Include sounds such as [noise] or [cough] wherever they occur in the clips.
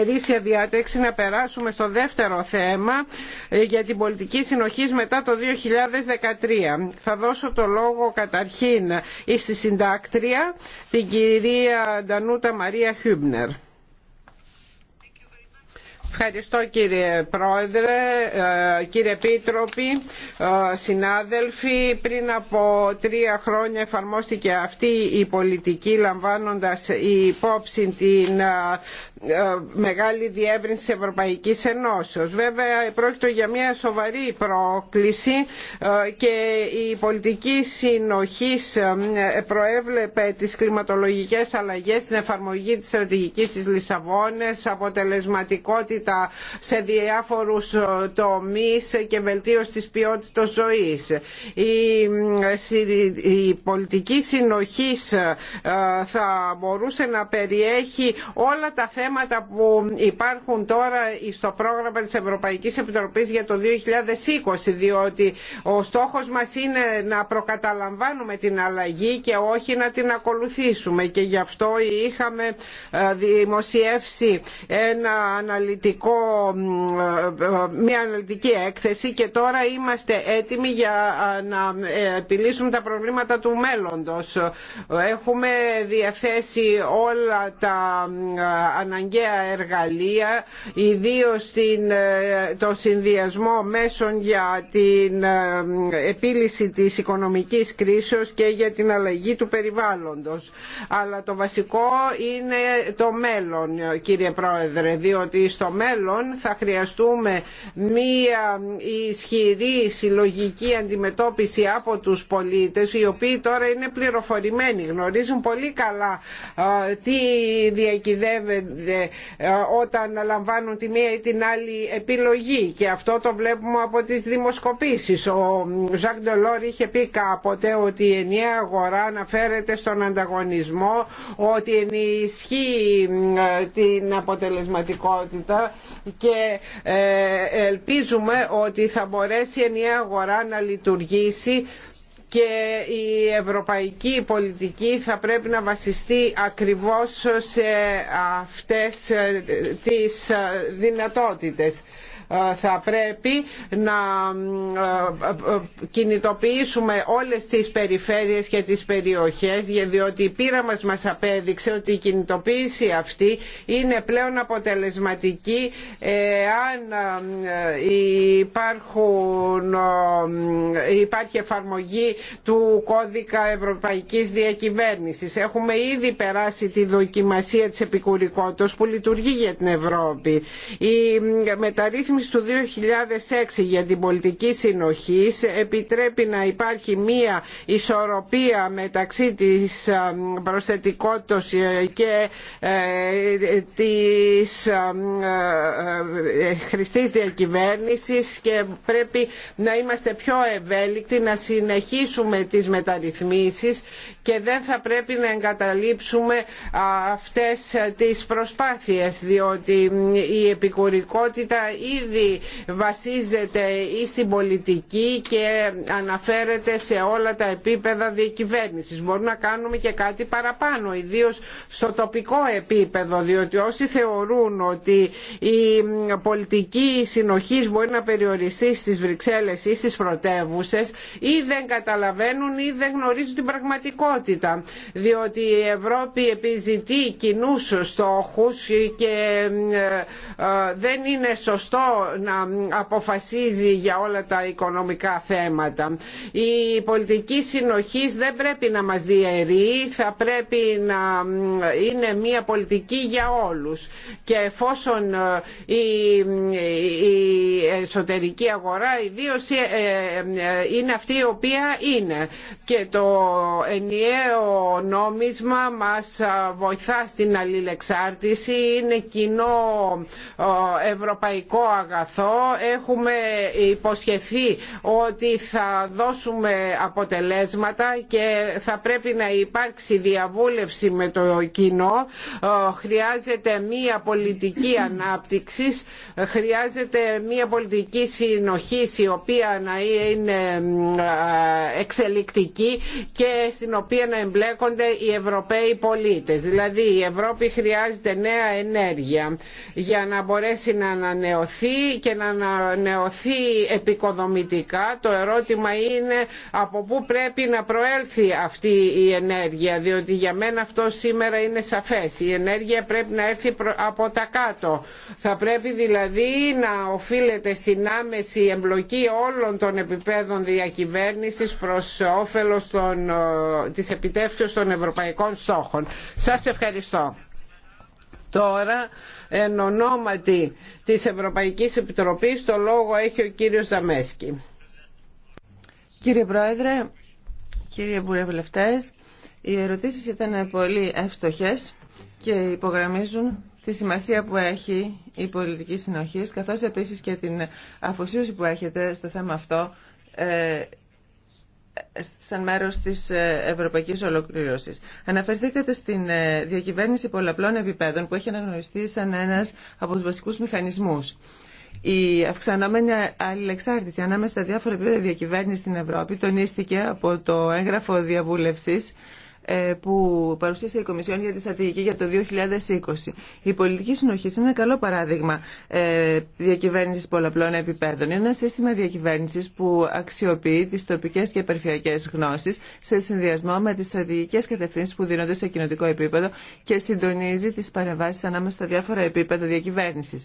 ερήσια διάταξη να περάσουμε στο δεύτερο θέμα ε, για την πολιτική συνοχή μετά το 2013. Θα δώσω το λόγο καταρχήν ε, στη συντάκτρια, την κυρία Ντανούτα Μαρία Χιούμπνερ. Ευχαριστώ κύριε Πρόεδρε, ε, κύριε Πίτροπη, ε, συνάδελφοι. Πριν από τρία χρόνια εφαρμόστηκε αυτή η πολιτική λαμβάνοντας υπόψη την ε, μεγάλη διεύρυνση της Ευρωπαϊκής Ενώσεως. Βέβαια πρόκειται για μια σοβαρή πρόκληση και η πολιτική συνοχής προέβλεπε τις κλιματολογικές αλλαγές στην εφαρμογή της στρατηγικής της Λισαβόνες, αποτελεσματικότητα σε διάφορους ε, τομείς και βελτίωση της ποιότητας ζωής. Η ε, πολιτική συνοχής ε, θα μπορούσε να περιέχει όλα τα θέματα που υπάρχουν τώρα στο πρόγραμμα της Ευρωπαϊκής Επιτροπής για το 2020 διότι ο στόχος μας είναι να προκαταλαμβάνουμε την αλλαγή και όχι να την ακολουθήσουμε και γι' αυτό είχαμε δημοσιεύσει ένα αναλυτικό αναλυτικό, ε, μια αναλυτική έκθεση και τώρα είμαστε έτοιμοι για να ε, επιλύσουμε τα προβλήματα του μέλλοντος. Έχουμε διαθέσει όλα τα αναγκαία εργαλεία, ιδίως στην, ε, το συνδυασμό μέσων για την επίλυση της οικονομικής κρίσεως και για την αλλαγή του περιβάλλοντος. Αλλά το βασικό είναι το μέλλον, κύριε Πρόεδρε, διότι στο θα χρειαστούμε μία ισχυρή συλλογική αντιμετώπιση από τους πολίτες οι οποίοι τώρα είναι πληροφορημένοι, γνωρίζουν πολύ καλά τι διακυδεύεται όταν λαμβάνουν τη μία ή την άλλη επιλογή και αυτό το βλέπουμε από τις δημοσκοπήσεις. Ο Ζακ Ντολόρ είχε πει κάποτε ότι η ενιαία αγορά αναφέρεται στον ανταγωνισμό, ότι ενισχύει την αποτελεσματικότητα και ε, ελπίζουμε ότι θα μπορέσει η ενιαία αγορά να λειτουργήσει και η ευρωπαϊκή πολιτική θα πρέπει να βασιστεί ακριβώς σε αυτές ε, τις ε, δυνατότητες θα πρέπει να ε, κινητοποιήσουμε όλες τις περιφέρειες και τις περιοχές διότι η πείρα μας μας απέδειξε ότι η κινητοποίηση αυτή είναι πλέον αποτελεσματική ε, αν ε, υπάρχουν, υπάρχει εφαρμογή του κώδικα ευρωπαϊκής διακυβέρνησης. Έχουμε ήδη περάσει τη δοκιμασία της επικουρικότητας που λειτουργεί για την Ευρώπη. Η μεταρρύθμιση του 2006 για την πολιτική συνοχή επιτρέπει να υπάρχει μία ισορροπία μεταξύ της ε, προσθετικότητας ε, και ε, της χρηστής διακυβέρνησης και πρέπει να είμαστε πιο ευέλικτοι να συνεχίσουμε τις μεταρρυθμίσεις και δεν θα πρέπει να εγκαταλείψουμε αυτές τις προσπάθειες διότι η επικουρικότητα ήδη ήδη βασίζεται στην πολιτική και αναφέρεται σε όλα τα επίπεδα διακυβέρνησης. Μπορούμε να κάνουμε και κάτι παραπάνω, ιδίως στο τοπικό επίπεδο, διότι όσοι θεωρούν ότι η πολιτική συνοχής μπορεί να περιοριστεί στις Βρυξέλλες ή στις πρωτεύουσες ή δεν καταλαβαίνουν ή δεν γνωρίζουν την πραγματικότητα, διότι η Ευρώπη επιζητεί κοινού στόχους και ε, ε, δεν είναι σωστό να αποφασίζει για όλα τα οικονομικά θέματα. Η πολιτική συνοχής δεν πρέπει να μας διαιρεί, θα πρέπει να είναι μια πολιτική για όλους. Και εφόσον ε, η, εσωτερική αγορά ιδίω ε, ε, είναι αυτή η οποία είναι. Και το ενιαίο νόμισμα μας βοηθά στην αλληλεξάρτηση, είναι κοινό ευρωπαϊκό Έχουμε υποσχεθεί ότι θα δώσουμε αποτελέσματα και θα πρέπει να υπάρξει διαβούλευση με το κοινό. Ε, χρειάζεται μία πολιτική ανάπτυξη, χρειάζεται μία πολιτική συνοχή η οποία να είναι ε, εξελικτική και στην οποία να εμπλέκονται οι Ευρωπαίοι πολίτες. Δηλαδή η Ευρώπη χρειάζεται νέα ενέργεια για να μπορέσει να ανανεωθεί και να ανανεωθεί επικοδομητικά. Το ερώτημα είναι από πού πρέπει να προέλθει αυτή η ενέργεια, διότι για μένα αυτό σήμερα είναι σαφές. Η ενέργεια πρέπει να έρθει από τα κάτω. Θα πρέπει δηλαδή να οφείλεται στην άμεση εμπλοκή όλων των επιπέδων διακυβέρνησης προς όφελος των, ε, της επιτεύξεως των ευρωπαϊκών στόχων. Σας ευχαριστώ. Τώρα, εν ονόματι της Ευρωπαϊκής Επιτροπής, το λόγο έχει ο κύριος Δαμέσκη. Κύριε Πρόεδρε, κύριε Βουλευτές, οι ερωτήσεις ήταν πολύ εύστοχες και υπογραμμίζουν τη σημασία που έχει η πολιτική συνοχή, καθώς επίσης και την αφοσίωση που έχετε στο θέμα αυτό ε, σαν μέρος της ε, ευρωπαϊκής ολοκλήρωσης. Αναφερθήκατε στην ε, διακυβέρνηση πολλαπλών επιπέδων που έχει αναγνωριστεί σαν ένας από τους βασικούς μηχανισμούς. Η αυξανόμενη αλληλεξάρτηση ανάμεσα στα διάφορα επίπεδα διακυβέρνηση στην Ευρώπη τονίστηκε από το έγγραφο διαβούλευση ε, που παρουσίασε η Κομισιόν για τη στρατηγική για το 2020. Η πολιτική συνοχή είναι ένα καλό παράδειγμα ε, διακυβέρνηση πολλαπλών επιπέδων. Είναι ένα σύστημα διακυβέρνηση που αξιοποιεί τι τοπικέ και περιφερειακέ γνώσει σε συνδυασμό με τι στρατηγικέ κατευθύνσει που δίνονται σε κοινοτικό επίπεδο και συντονίζει τι παρεμβάσει ανάμεσα στα διάφορα επίπεδα διακυβέρνηση.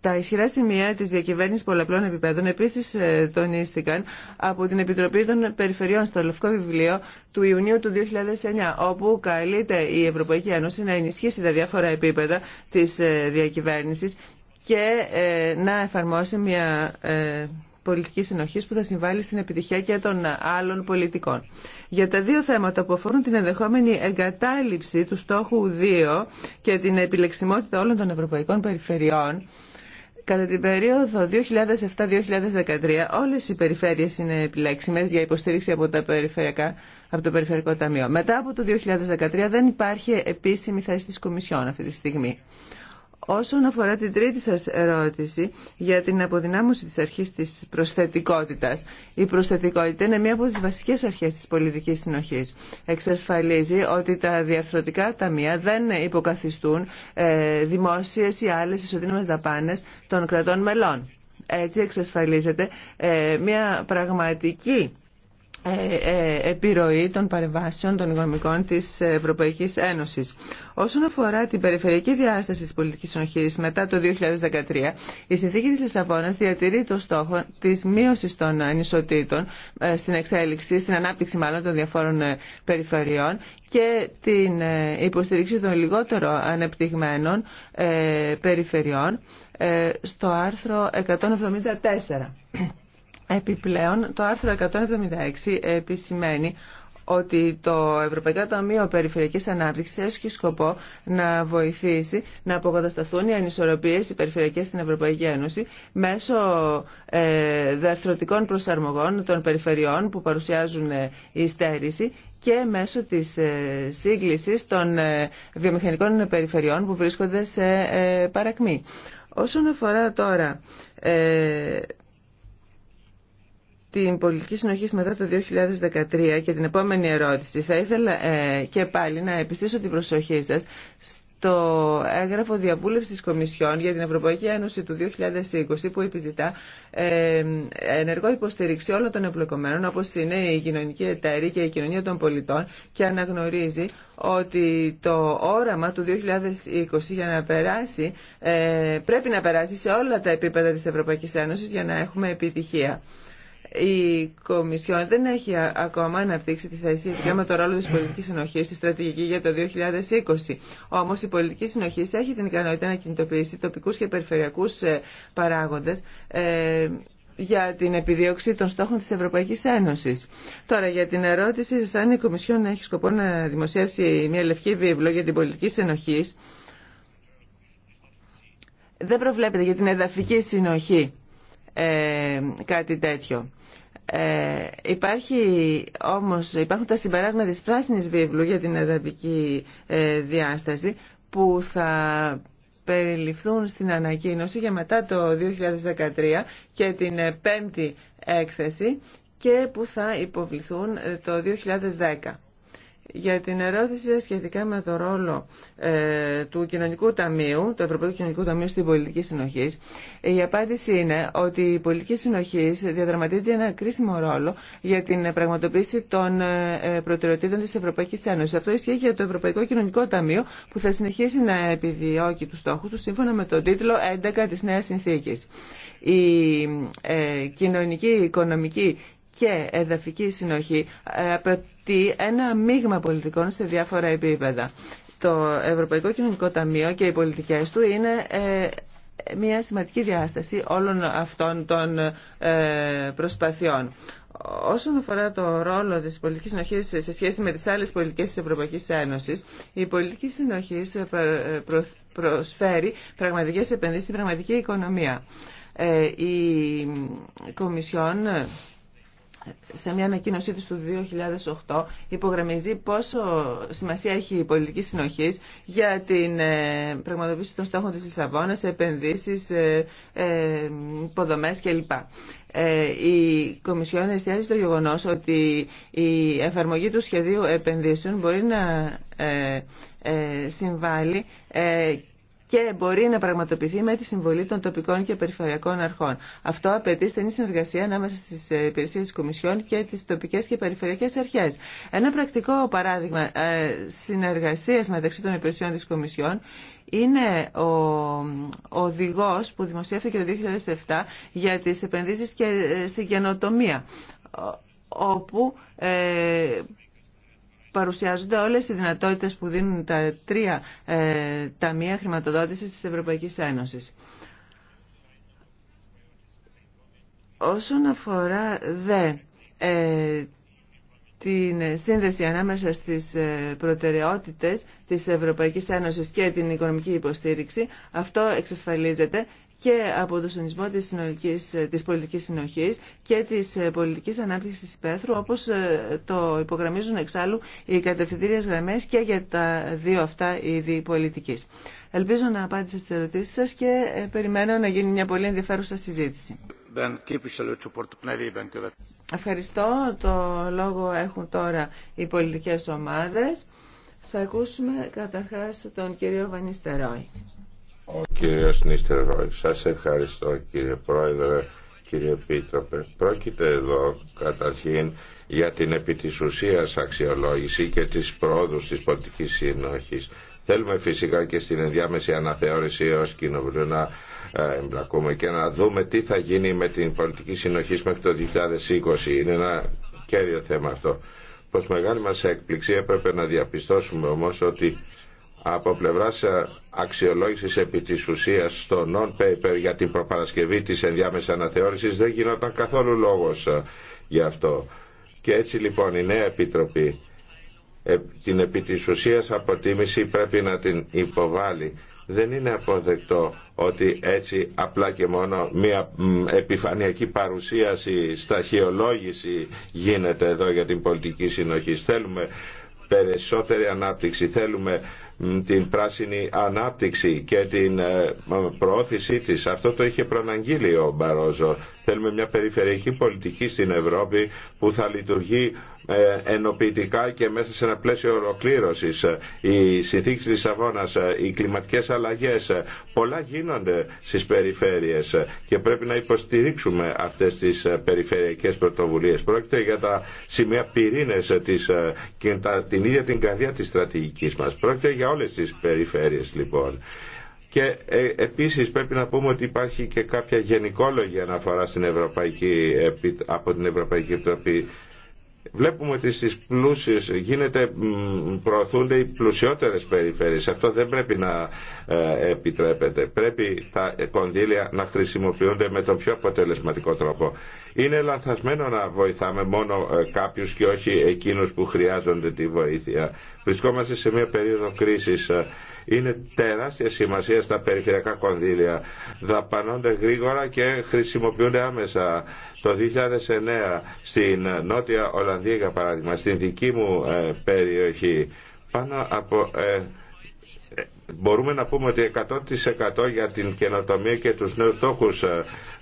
Τα ισχυρά σημεία τη διακυβέρνηση πολλαπλών επιπέδων επίση ε, τονίστηκαν από την Επιτροπή των Περιφερειών στο Λευκό Βιβλίο του Ιουνίου του 2009, όπου καλείται η Ευρωπαϊκή Ένωση να ενισχύσει τα διάφορα επίπεδα τη ε, διακυβέρνηση και ε, να εφαρμόσει μια πολιτική συνοχή που θα συμβάλλει στην επιτυχία και των άλλων πολιτικών. Για τα δύο θέματα που αφορούν την ενδεχόμενη εγκατάλειψη του στόχου 2 και την επιλεξιμότητα όλων των ευρωπαϊκών περιφερειών, Κατά την περίοδο 2007-2013 όλες οι περιφέρειες είναι επιλέξιμες για υποστήριξη από, τα περιφερειακά, από το Περιφερειακό Ταμείο. Μετά από το 2013 δεν υπάρχει επίσημη θέση της Κομισιόν αυτή τη στιγμή. Όσον αφορά την τρίτη σας ερώτηση για την αποδυνάμωση της αρχής της προσθετικότητας. Η προσθετικότητα είναι μία από τις βασικές αρχές της πολιτικής συνοχής. Εξασφαλίζει ότι τα διαρθρωτικά ταμεία δεν υποκαθιστούν ε, δημόσιες ή άλλες ισοδύναμες δαπάνες των κρατών μελών. Έτσι εξασφαλίζεται ε, μία πραγματική ε, ε, επιρροή των παρεμβάσεων των οικονομικών της Ευρωπαϊκής Ένωσης. Όσον αφορά την περιφερειακή διάσταση της πολιτικής συνοχής μετά το 2013, η συνθήκη της Λισαβόνας διατηρεί το στόχο της μείωσης των ανισοτήτων ε, στην εξέλιξη, στην ανάπτυξη μάλλον των διαφόρων περιφερειών και την υποστήριξη των λιγότερο ανεπτυγμένων περιφερειών στο άρθρο 174. Επιπλέον, το άρθρο 176 επισημαίνει ότι το Ευρωπαϊκό Ταμείο Περιφερειακής Ανάπτυξη έχει σκοπό να βοηθήσει να αποκατασταθούν οι ανισορροπίες οι περιφερειακές στην Ευρωπαϊκή Ένωση μέσω ε, προσαρμογών των περιφερειών που παρουσιάζουν ε, υστέρηση και μέσω της ε, σύγκληση των ε, βιομηχανικών περιφερειών που βρίσκονται σε παρακμή. Όσον αφορά τώρα την πολιτική συνοχή μετά το 2013 και την επόμενη ερώτηση, θα ήθελα ε, και πάλι να επιστήσω την προσοχή σας στο έγγραφο διαβούλευση της Κομισιόν για την Ευρωπαϊκή Ένωση του 2020 που επιζητά ε, ενεργό υποστήριξη όλων των εμπλεκομένων όπως είναι η κοινωνική εταίρη και η κοινωνία των πολιτών και αναγνωρίζει ότι το όραμα του 2020 για να περάσει ε, πρέπει να περάσει σε όλα τα επίπεδα της Ευρωπαϊκής Ένωσης για να έχουμε επιτυχία η Κομισιόν δεν έχει ακόμα αναπτύξει τη θέση σχετικά με το ρόλο τη πολιτική συνοχή στη στρατηγική για το 2020. Όμω η πολιτική συνοχή έχει την ικανότητα να κινητοποιήσει τοπικού και περιφερειακού ε, παράγοντε ε, για την επιδίωξη των στόχων της Ευρωπαϊκής Ένωσης. Τώρα για την ερώτηση σας αν η Κομισιόν έχει σκοπό να δημοσιεύσει μια λευκή βίβλο για την πολιτική συνοχή. Δεν προβλέπεται για την εδαφική συνοχή ε, κάτι τέτοιο. Ε, υπάρχει όμως, υπάρχουν τα συμπεράσματα της πράσινης βίβλου για την εδαφική ε, διάσταση που θα περιληφθούν στην ανακοίνωση για μετά το 2013 και την ε, πέμπτη έκθεση και που θα υποβληθούν το 2010. Για την ερώτηση σχετικά με το ρόλο ε, του Κοινωνικού Ταμείου, του Ευρωπαϊκού Κοινωνικού Ταμείου στην πολιτική συνοχή, η απάντηση είναι ότι η πολιτική συνοχή διαδραματίζει ένα κρίσιμο ρόλο για την πραγματοποίηση των ε, ε, προτεραιοτήτων τη Ευρωπαϊκή Ένωση. Αυτό ισχύει για το Ευρωπαϊκό Κοινωνικό Ταμείο, που θα συνεχίσει να επιδιώκει του στόχου του σύμφωνα με τον τίτλο 11 τη Νέα Συνθήκη. Η κοινωνική, οικονομική και εδαφική συνοχή ε, απαιτεί ένα μείγμα πολιτικών σε διάφορα επίπεδα. Το Ευρωπαϊκό Κοινωνικό Ταμείο και οι πολιτικές του είναι ε, μια σημαντική διάσταση όλων αυτών των ε, προσπαθειών. Όσον αφορά το ρόλο της πολιτικής συνοχής σε σχέση με τις άλλες πολιτικές της Ευρωπαϊκής Ένωσης, η πολιτική συνοχή προσφέρει πραγματικές επενδύσεις στην πραγματική οικονομία. Η Κομισιόν σε μια ανακοίνωσή της του 2008 υπογραμμίζει πόσο σημασία έχει η πολιτική συνοχή για την ε, πραγματοποίηση των στόχων της Λισαβόνας, επενδύσεις, ε, ε, υποδομές κλπ. Η Κομισιόν εστιάζει στο γεγονός ότι η εφαρμογή του σχεδίου επενδύσεων μπορεί να συμβάλλει και μπορεί να πραγματοποιηθεί με τη συμβολή των τοπικών και περιφερειακών αρχών. Αυτό απαιτεί στενή συνεργασία ανάμεσα στι ε, υπηρεσίε τη Κομισιόν και τι τοπικέ και περιφερειακέ αρχέ. Ένα πρακτικό παράδειγμα ε, συνεργασία μεταξύ των υπηρεσιών τη Κομισιόν είναι ο οδηγό που δημοσιεύθηκε το 2007 για τι επενδύσει και ε, στην καινοτομία όπου παρουσιάζονται όλες οι δυνατότητες που δίνουν τα τρία ε, ταμεία χρηματοδότησης της Ευρωπαϊκής Ένωσης. Όσον αφορά δε ε, την σύνδεση ανάμεσα στις ε, προτεραιότητες της Ευρωπαϊκής Ένωσης και την οικονομική υποστήριξη. Αυτό εξασφαλίζεται και από το Συνισμό της, πολιτικής συνοχής και της ε, πολιτικής ανάπτυξης της υπαίθρου, όπως ε, το υπογραμμίζουν εξάλλου οι κατευθυντήριες γραμμές και για τα δύο αυτά είδη πολιτικής. Ελπίζω να απάντησα στις ερωτήσεις σας και ε, περιμένω να γίνει μια πολύ ενδιαφέρουσα συζήτηση. Ευχαριστώ. Το λόγο έχουν τώρα οι πολιτικές ομάδες. Θα ακούσουμε καταρχάς τον κύριο Βανίστερόη. Ο κύριος Νίστερ σας ευχαριστώ κύριε Πρόεδρε, κύριε Επίτροπε. Πρόκειται εδώ καταρχήν για την επί της ουσίας αξιολόγηση και της πρόοδου της πολιτικής σύνοχης. Θέλουμε φυσικά και στην ενδιάμεση αναθεώρηση ως κοινοβουλίου να ε, εμπλακούμε και να δούμε τι θα γίνει με την πολιτική συνοχή μέχρι το 2020. Είναι ένα κέριο θέμα αυτό. Προς μεγάλη μας έκπληξη έπρεπε να διαπιστώσουμε όμως ότι από πλευράς ε, αξιολόγησης επί της ουσίας στο non-paper για την προπαρασκευή της ενδιάμεσης αναθεώρησης δεν γινόταν καθόλου λόγος ε, γι' αυτό. Και έτσι λοιπόν η νέα Επιτροπή ε, την επί της ουσίας αποτίμηση πρέπει να την υποβάλει. Δεν είναι αποδεκτό ότι έτσι απλά και μόνο μια επιφανειακή παρουσίαση, σταχυολόγηση γίνεται εδώ για την πολιτική συνοχή. Θέλουμε περισσότερη ανάπτυξη, θέλουμε την πράσινη ανάπτυξη και την ε, προώθησή της. Αυτό το είχε προναγγείλει ο Μπαρόζο. Θέλουμε μια περιφερειακή πολιτική στην Ευρώπη που θα λειτουργεί ε, ενοποιητικά και μέσα σε ένα πλαίσιο ολοκλήρωση. Ε, οι συνθήκε τη Λισαβόνα, οι κλιματικέ αλλαγέ, ε, πολλά γίνονται στι περιφέρειε και πρέπει να υποστηρίξουμε αυτέ τι περιφερειακέ πρωτοβουλίε. Πρόκειται για τα σημεία πυρήνε και την ίδια την καρδιά τη στρατηγική μα. Πρόκειται για όλε τι περιφέρειε λοιπόν. Και επίσης πρέπει να πούμε ότι υπάρχει και κάποια γενικόλογη αναφορά στην Ευρωπαϊκή, από την Ευρωπαϊκή Επιτροπή Βλέπουμε ότι στις πλούσιες γίνεται, προωθούνται οι πλουσιότερες περιφέρειες. Αυτό δεν πρέπει να ε, επιτρέπεται. Πρέπει τα κονδύλια να χρησιμοποιούνται με τον πιο αποτελεσματικό τρόπο. Είναι λανθασμένο να βοηθάμε μόνο ε, κάποιους και όχι εκείνους που χρειάζονται τη βοήθεια. Βρισκόμαστε σε μια περίοδο κρίσης ε, είναι τεράστια σημασία στα περιφερειακά κονδύλια. Δαπανώνται γρήγορα και χρησιμοποιούνται άμεσα. Το 2009 στην Νότια Ολλανδία, για παράδειγμα, στην δική μου ε, περιοχή, πάνω από ε, ε, μπορούμε να πούμε ότι 100% για την καινοτομία και τους νέους στόχους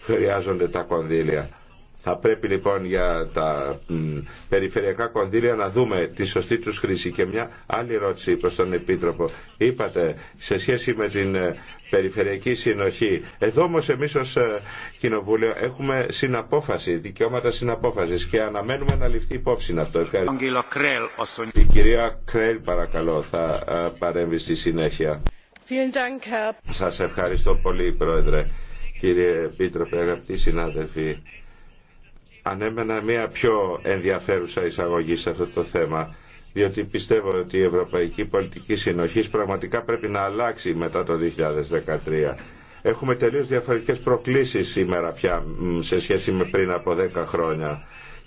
χρειάζονται τα κονδύλια. Θα πρέπει λοιπόν για τα περιφερειακά κονδύλια να δούμε τη σωστή τους χρήση. Και μια άλλη ερώτηση προς τον Επίτροπο. Είπατε σε σχέση με την ε, περιφερειακή συνοχή. Εδώ όμω εμείς ως ε, Κοινοβούλιο έχουμε συναπόφαση, δικαιώματα συναπόφασης και αναμένουμε να ληφθεί υπόψη αυτό. Ευχαριστώ. Η κυρία Κρέλ παρακαλώ θα ε, παρέμβει στη συνέχεια. Σας ευχαριστώ πολύ Πρόεδρε. Κύριε Επίτροπε, αγαπητοί συνάδελφοι, ανέμενα μια πιο ενδιαφέρουσα εισαγωγή σε αυτό το θέμα διότι πιστεύω ότι η Ευρωπαϊκή Πολιτική Συνοχή πραγματικά πρέπει να αλλάξει μετά το 2013. Έχουμε τελείως διαφορετικές προκλήσεις σήμερα πια σε σχέση με πριν από 10 χρόνια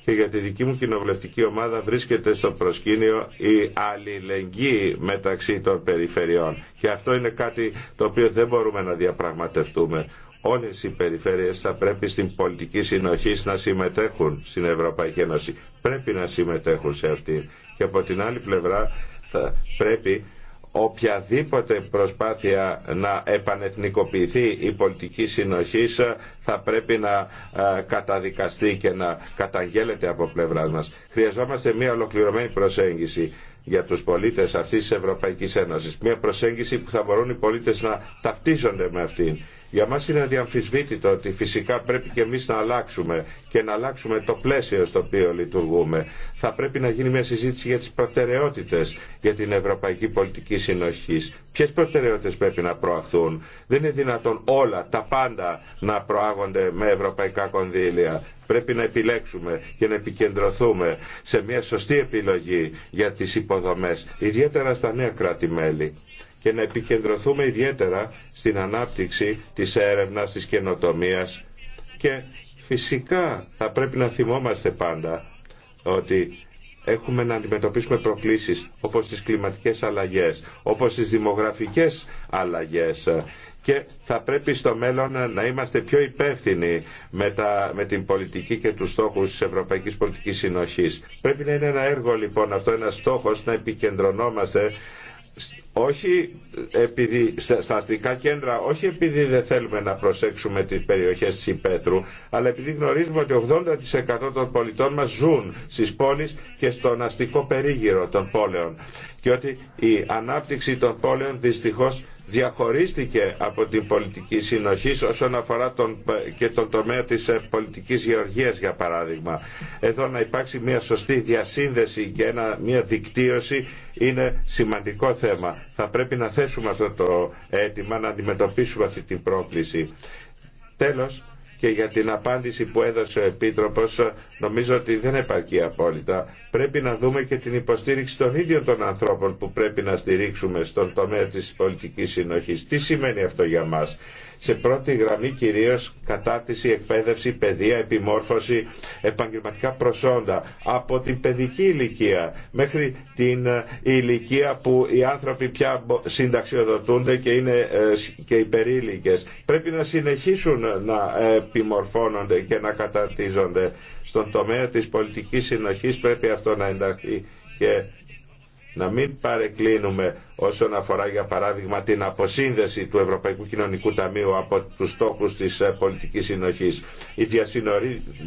και για τη δική μου κοινοβουλευτική ομάδα βρίσκεται στο προσκήνιο η αλληλεγγύη μεταξύ των περιφερειών. Και αυτό είναι κάτι το οποίο δεν μπορούμε να διαπραγματευτούμε όλες οι περιφέρειες θα πρέπει στην πολιτική συνοχή να συμμετέχουν στην Ευρωπαϊκή Ένωση. Πρέπει να συμμετέχουν σε αυτή. Και από την άλλη πλευρά θα πρέπει οποιαδήποτε προσπάθεια να επανεθνικοποιηθεί η πολιτική συνοχή θα πρέπει να ε, καταδικαστεί και να καταγγέλλεται από πλευρά μας. Χρειαζόμαστε μια ολοκληρωμένη προσέγγιση για τους πολίτες αυτής της Ευρωπαϊκής Ένωσης. Μια προσέγγιση που θα μπορούν οι πολίτες να ταυτίζονται με αυτήν. Για μας είναι αδιαμφισβήτητο ότι φυσικά πρέπει και εμείς να αλλάξουμε και να αλλάξουμε το πλαίσιο στο οποίο λειτουργούμε. Θα πρέπει να γίνει μια συζήτηση για τις προτεραιότητες για την Ευρωπαϊκή Πολιτική συνοχή. Ποιες προτεραιότητες πρέπει να προαχθούν. Δεν είναι δυνατόν όλα, τα πάντα να προάγονται με ευρωπαϊκά κονδύλια. Πρέπει να επιλέξουμε και να επικεντρωθούμε σε μια σωστή επιλογή για τις υποδομές, ιδιαίτερα στα νέα κράτη-μέλη και να επικεντρωθούμε ιδιαίτερα στην ανάπτυξη της έρευνας, της καινοτομίας και φυσικά θα πρέπει να θυμόμαστε πάντα ότι έχουμε να αντιμετωπίσουμε προκλήσεις όπως τις κλιματικές αλλαγές, όπως τις δημογραφικές αλλαγές και θα πρέπει στο μέλλον να είμαστε πιο υπεύθυνοι με, τα, με την πολιτική και τους στόχους της Ευρωπαϊκής Πολιτικής Συνοχής. Πρέπει να είναι ένα έργο λοιπόν αυτό, ένα στόχος να επικεντρωνόμαστε όχι επειδή, στα αστικά κέντρα, όχι επειδή δεν θέλουμε να προσέξουμε τις περιοχές της Υπέτρου, αλλά επειδή γνωρίζουμε ότι 80% των πολιτών μας ζουν στις πόλεις και στον αστικό περίγυρο των πόλεων και ότι η ανάπτυξη των πόλεων δυστυχώς διαχωρίστηκε από την πολιτική συνοχή όσον αφορά τον, και τον τομέα της ε, πολιτικής γεωργίας για παράδειγμα. Εδώ να υπάρξει μια σωστή διασύνδεση και μια δικτύωση είναι σημαντικό θέμα. Θα πρέπει να θέσουμε αυτό το αίτημα, να αντιμετωπίσουμε αυτή την πρόκληση. Τέλος, και για την απάντηση που έδωσε ο Επίτροπος νομίζω ότι δεν επαρκεί απόλυτα. Πρέπει να δούμε και την υποστήριξη των ίδιων των ανθρώπων που πρέπει να στηρίξουμε στον τομέα της πολιτικής συνοχής. Τι σημαίνει αυτό για μας σε πρώτη γραμμή κυρίως κατάρτιση, εκπαίδευση, παιδεία, επιμόρφωση, επαγγελματικά προσόντα από την παιδική ηλικία μέχρι την ε, ηλικία που οι άνθρωποι πια συνταξιοδοτούνται και είναι ε, και υπερήλικες. Πρέπει να συνεχίσουν να επιμορφώνονται και να καταρτίζονται. Στον τομέα της πολιτικής συνοχής πρέπει αυτό να ενταχθεί και να μην παρεκκλίνουμε όσον αφορά για παράδειγμα την αποσύνδεση του Ευρωπαϊκού Κοινωνικού Ταμείου από τους στόχους της ε, πολιτικής συνοχής. Η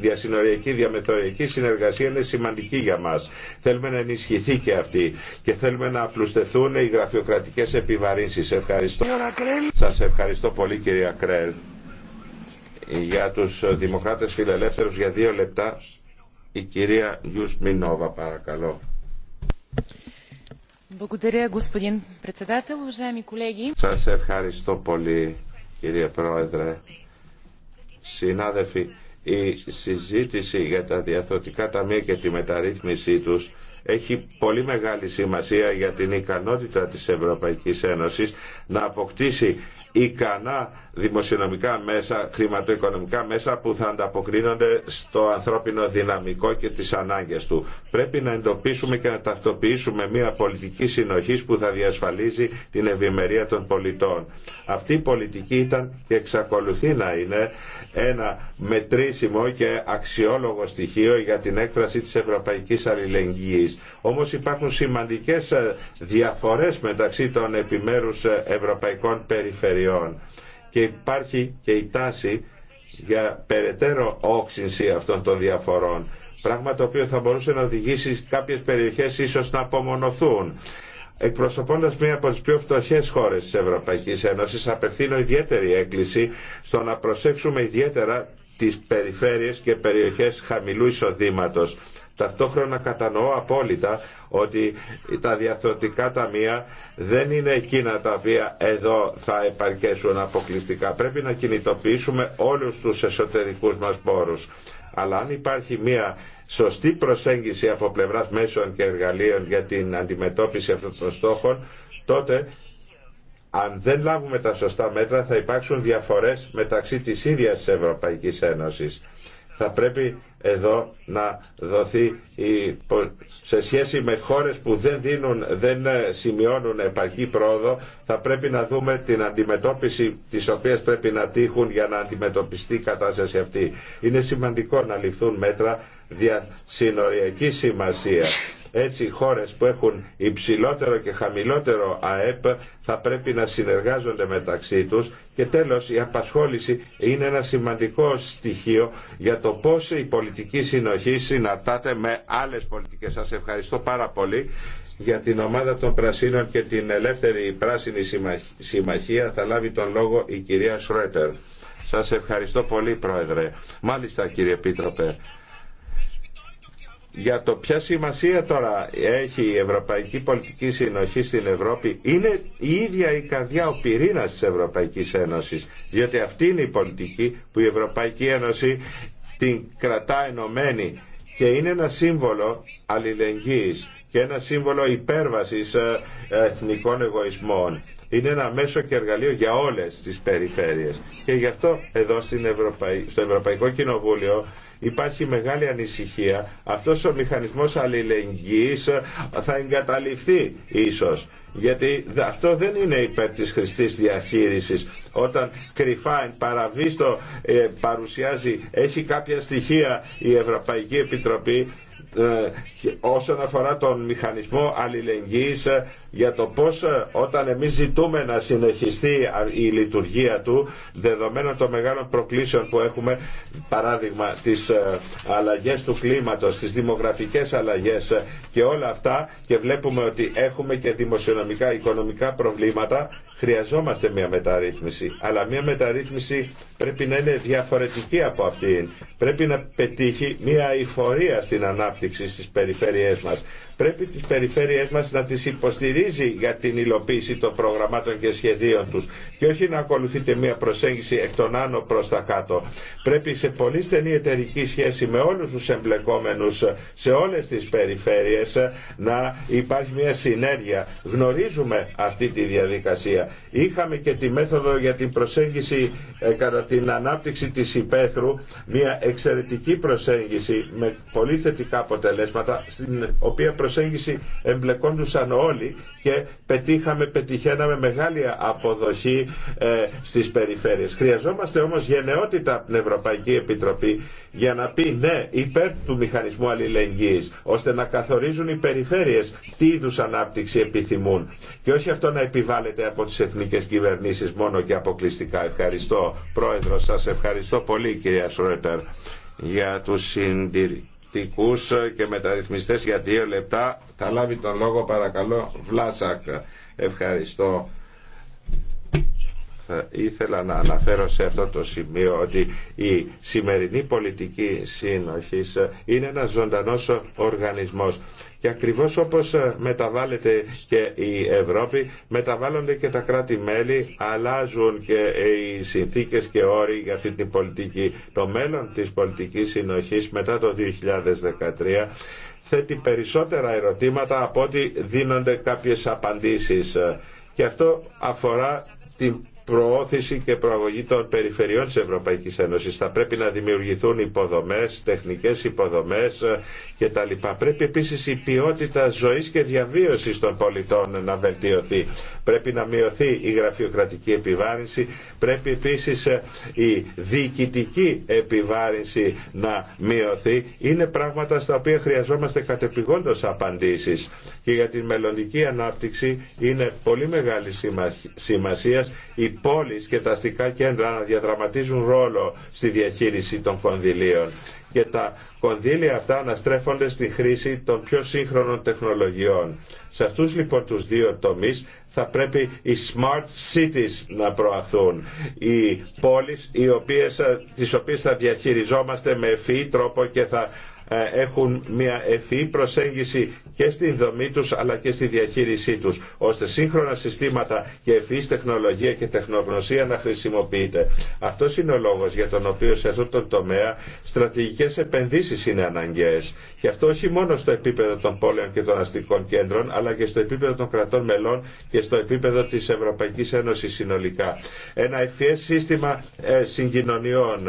διασυνοριακή διαμεθοριακή συνεργασία είναι σημαντική για μας. Θέλουμε να ενισχυθεί και αυτή και θέλουμε να απλουστευτούν οι γραφειοκρατικές επιβαρύνσεις. Ευχαριστώ. Σας ευχαριστώ πολύ κυρία Κρέλ. Για τους Δημοκράτες Φιλελεύθερους για δύο λεπτά η κυρία Γιους Μινόβα παρακαλώ. Σας ευχαριστώ πολύ κύριε Πρόεδρε. Συνάδελφοι, η συζήτηση για τα διαθωτικά ταμεία και τη μεταρρύθμιση τους έχει πολύ μεγάλη σημασία για την ικανότητα της Ευρωπαϊκής Ένωσης να αποκτήσει ικανά δημοσιονομικά μέσα, χρηματοοικονομικά μέσα που θα ανταποκρίνονται στο ανθρώπινο δυναμικό και τις ανάγκες του. Πρέπει να εντοπίσουμε και να ταυτοποιήσουμε μια πολιτική συνοχή που θα διασφαλίζει την ευημερία των πολιτών. Αυτή η πολιτική ήταν και εξακολουθεί να είναι ένα μετρήσιμο και αξιόλογο στοιχείο για την έκφραση της ευρωπαϊκής αλληλεγγύης. Όμως υπάρχουν σημαντικές ε, διαφορές μεταξύ των επιμέρους ε, ευρωπαϊκών περιφερειών και υπάρχει και η τάση για περαιτέρω όξυνση αυτών των διαφορών. Πράγμα το οποίο θα μπορούσε να οδηγήσει κάποιες περιοχές ίσως να απομονωθούν. Εκπροσωπώντας μία από τις πιο φτωχές χώρες της Ευρωπαϊκής Ένωσης, απευθύνω ιδιαίτερη έκκληση στο να προσέξουμε ιδιαίτερα τις περιφέρειες και περιοχές χαμηλού εισοδήματος Ταυτόχρονα κατανοώ απόλυτα ότι τα διαθροτικά ταμεία δεν είναι εκείνα τα οποία εδώ θα επαρκέσουν αποκλειστικά. Πρέπει να κινητοποιήσουμε όλους τους εσωτερικούς μας πόρους. Αλλά αν υπάρχει μια σωστή προσέγγιση από πλευράς μέσων και εργαλείων για την αντιμετώπιση αυτών των στόχων, τότε αν δεν λάβουμε τα σωστά μέτρα θα υπάρξουν διαφορές μεταξύ της ίδιας της Ευρωπαϊκής Ένωσης θα πρέπει εδώ να δοθεί σε σχέση με χώρες που δεν, δίνουν, δεν ε, σημειώνουν επαρκή πρόοδο θα πρέπει να δούμε την αντιμετώπιση της οποίας πρέπει να τύχουν για να αντιμετωπιστεί η κατάσταση αυτή. Είναι σημαντικό να ληφθούν μέτρα διασυνοριακής σημασία. Έτσι οι χώρες που έχουν υψηλότερο και χαμηλότερο ΑΕΠ θα πρέπει να συνεργάζονται μεταξύ τους και τέλος η απασχόληση είναι ένα σημαντικό στοιχείο για το πώς η πολιτική συνοχή συναρτάται με άλλες πολιτικές. Σας ευχαριστώ πάρα πολύ για την ομάδα των Πρασίνων και την Ελεύθερη Πράσινη Συμμαχία θα λάβει τον λόγο η κυρία Σρέτερ. Σας ευχαριστώ πολύ Πρόεδρε. Μάλιστα κύριε Επίτροπε για το ποια σημασία τώρα έχει η Ευρωπαϊκή Πολιτική Συνοχή στην Ευρώπη είναι η ίδια η καρδιά, ο πυρήνα της Ευρωπαϊκής Ένωσης. Διότι αυτή είναι η πολιτική που η Ευρωπαϊκή Ένωση την κρατά ενωμένη και είναι ένα σύμβολο αλληλεγγύης και ένα σύμβολο υπέρβασης ε, εθνικών εγωισμών. Είναι ένα μέσο και εργαλείο για όλες τις περιφέρειες. Και γι' αυτό εδώ Ευρωπαϊ... στο Ευρωπαϊκό Κοινοβούλιο υπάρχει μεγάλη ανησυχία. Αυτός ο μηχανισμός αλληλεγγύης θα εγκαταλειφθεί ίσως. Γιατί αυτό δεν είναι υπέρ της χρηστής διαχείρισης. Όταν κρυφά, παραβίστο ε, παρουσιάζει, έχει κάποια στοιχεία η Ευρωπαϊκή Επιτροπή ε, όσον αφορά τον μηχανισμό αλληλεγγύης για το πώς ε, όταν εμείς ζητούμε να συνεχιστεί η λειτουργία του δεδομένων των μεγάλων προκλήσεων που έχουμε παράδειγμα τις ε, αλλαγές του κλίματος, τις δημογραφικές αλλαγές ε, και όλα αυτά και βλέπουμε ότι έχουμε και δημοσιονομικά οικονομικά προβλήματα χρειαζόμαστε μια μεταρρύθμιση αλλά μια μεταρρύθμιση πρέπει να είναι διαφορετική από αυτήν πρέπει να πετύχει μια υφορία στην ανάπτυξη στις περιφέρειές μας πρέπει τις περιφέρειές μας να τις στηρίζει για την υλοποίηση των προγραμμάτων και σχεδίων τους και όχι να ακολουθείτε μια προσέγγιση εκ των άνω προς τα κάτω. Πρέπει σε πολύ στενή εταιρική σχέση με όλους τους εμπλεκόμενους σε όλες τις περιφέρειες να υπάρχει μια συνέργεια. Γνωρίζουμε αυτή τη διαδικασία. Είχαμε και τη μέθοδο για την προσέγγιση ε, κατά την ανάπτυξη της υπαίθρου μια εξαιρετική προσέγγιση με πολύ θετικά αποτελέσματα στην οποία προσέγγιση εμπλεκόντουσαν όλοι και πετύχαμε, πετυχαίναμε μεγάλη αποδοχή ε, στις περιφέρειες. Χρειαζόμαστε όμως γενναιότητα από την Ευρωπαϊκή Επιτροπή για να πει ναι υπέρ του μηχανισμού αλληλεγγύης ώστε να καθορίζουν οι περιφέρειες τι είδους ανάπτυξη επιθυμούν και όχι αυτό να επιβάλλεται από τις εθνικές κυβερνήσεις μόνο και αποκλειστικά. Ευχαριστώ Πρόεδρο, σας ευχαριστώ πολύ κυρία Σρότερ για τους συντηρητικούς και μεταρρυθμιστές για δύο λεπτά. Θα λάβει τον λόγο παρακαλώ Βλάσακ. Ευχαριστώ θα ήθελα να αναφέρω σε αυτό το σημείο ότι η σημερινή πολιτική σύνοχης είναι ένας ζωντανός οργανισμός και ακριβώς όπως μεταβάλλεται και η Ευρώπη μεταβάλλονται και τα κράτη-μέλη αλλάζουν και οι συνθήκες και όροι για αυτή την πολιτική το μέλλον της πολιτικής συνοχής μετά το 2013 θέτει περισσότερα ερωτήματα από ότι δίνονται κάποιες απαντήσεις και αυτό αφορά την προώθηση και προαγωγή των περιφερειών της Ευρωπαϊκής Ένωσης. Θα πρέπει να δημιουργηθούν υποδομές, τεχνικές υποδομές ε, κτλ. Πρέπει επίσης η ποιότητα ζωής και διαβίωσης των πολιτών να βελτιωθεί. Πρέπει να μειωθεί η γραφειοκρατική επιβάρυνση. Πρέπει επίσης ε, η διοικητική επιβάρυνση να μειωθεί. Είναι πράγματα στα οποία χρειαζόμαστε κατεπηγόντως απαντήσεις. Και για την μελλοντική ανάπτυξη είναι πολύ μεγάλη σημασία. η πόλεις και τα αστικά κέντρα να διαδραματίζουν ρόλο στη διαχείριση των κονδυλίων και τα κονδύλια αυτά να στρέφονται στη χρήση των πιο σύγχρονων τεχνολογιών. Σε αυτούς λοιπόν τους δύο τομείς θα πρέπει οι smart cities να προαθούν, οι πόλεις οι οποίες, ε, τις οποίες θα διαχειριζόμαστε με ευφυή τρόπο και θα ε, έχουν μια ευφυή προσέγγιση και στη δομή τους αλλά και στη διαχείρισή τους ώστε σύγχρονα συστήματα και ευφυής τεχνολογία και τεχνογνωσία να χρησιμοποιείται. Αυτό είναι ο λόγος για τον οποίο σε αυτό το τομέα στρατηγικές επενδύσεις είναι αναγκαίες και αυτό όχι μόνο στο επίπεδο των πόλεων και των αστικών κέντρων αλλά και στο επίπεδο των κρατών μελών και στο επίπεδο της Ευρωπαϊκής Ένωσης συνολικά. Ένα ευφυές σύστημα ε, συγκοινωνιών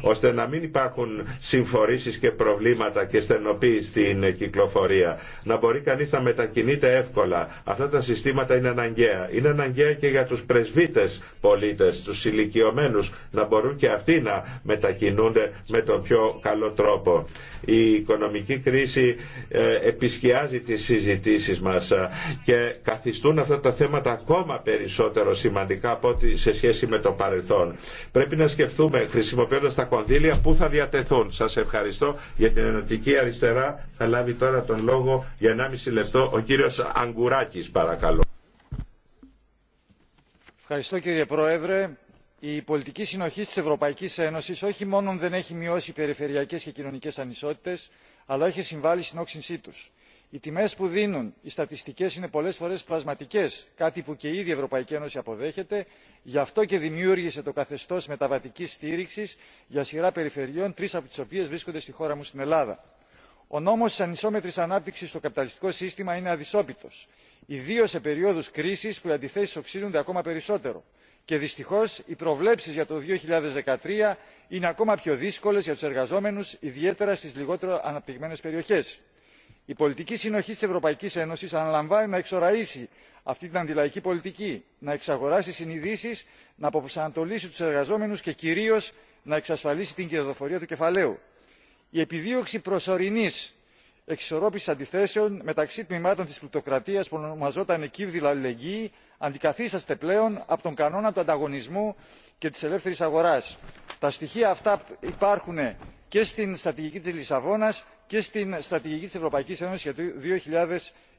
ώστε να μην υπάρχουν συμφορήσεις και προβλήματα οχήματα και στενοποιεί στην κυκλοφορία. Να μπορεί κανείς να μετακινείται εύκολα. Αυτά τα συστήματα είναι αναγκαία. Είναι αναγκαία και για τους πρεσβύτες πολίτες, τους ηλικιωμένους, να μπορούν και αυτοί να μετακινούνται με τον πιο καλό τρόπο η οικονομική κρίση ε, επισκιάζει τις συζητήσεις μας ε, και καθιστούν αυτά τα θέματα ακόμα περισσότερο σημαντικά από ό,τι σε σχέση με το παρελθόν. Πρέπει να σκεφτούμε χρησιμοποιώντας τα κονδύλια που θα διατεθούν. Σας ευχαριστώ για την Ενωτική Αριστερά. Θα λάβει τώρα τον λόγο για 1,5 λεπτό ο κύριος Αγκουράκης παρακαλώ. Ευχαριστώ κύριε Πρόεδρε η πολιτική συνοχή της ευρωπαϊκής ένωσης όχι μόνο δεν έχει μειώσει περιφερειακές και κοινωνικές ανισότητες αλλά έχει συμβάλει στην όξυνσή τους. οι τιμές που δίνουν οι στατιστικές είναι πολλές φορές πλασματικές κάτι που και η ίδια η ευρωπαϊκή ένωση αποδέχεται γι' αυτό και δημιούργησε το καθεστώς μεταβατικής στήριξης για σειρά περιφερειών τρεις από τις οποίες βρίσκονται στη χώρα μου στην ελλάδα. ο νόμος της ανισόμετρης ανάπτυξης στο καπιταλιστικό σύστημα είναι αδυσόπιτος ιδίως σε περιόδους κρίσης που οι αντιθέσεις οξύνονται ακόμα περισσότερο και δυστυχώ οι προβλέψει για το 2013 είναι ακόμα πιο δύσκολε για του εργαζόμενου, ιδιαίτερα στι λιγότερο αναπτυγμένε περιοχέ. Η πολιτική συνοχή τη Ευρωπαϊκή Ένωση αναλαμβάνει να εξοραίσει αυτή την αντιλαϊκή πολιτική, να εξαγοράσει συνειδήσει, να αποπροσανατολίσει του εργαζόμενου και κυρίω να εξασφαλίσει την κερδοφορία του κεφαλαίου. Η επιδίωξη προσωρινή εξισορρόπηση αντιθέσεων μεταξύ τμήματων τη πλουτοκρατία που ονομαζόταν κύβδηλα αλληλεγγύη αντικαθίσταται πλέον από τον κανόνα του ανταγωνισμού και της ελεύθερης αγοράς. τα στοιχεία αυτά υπάρχουν και στην στρατηγική της λισαβόνας και στην στρατηγική της ευρωπαϊκής ένωσης για το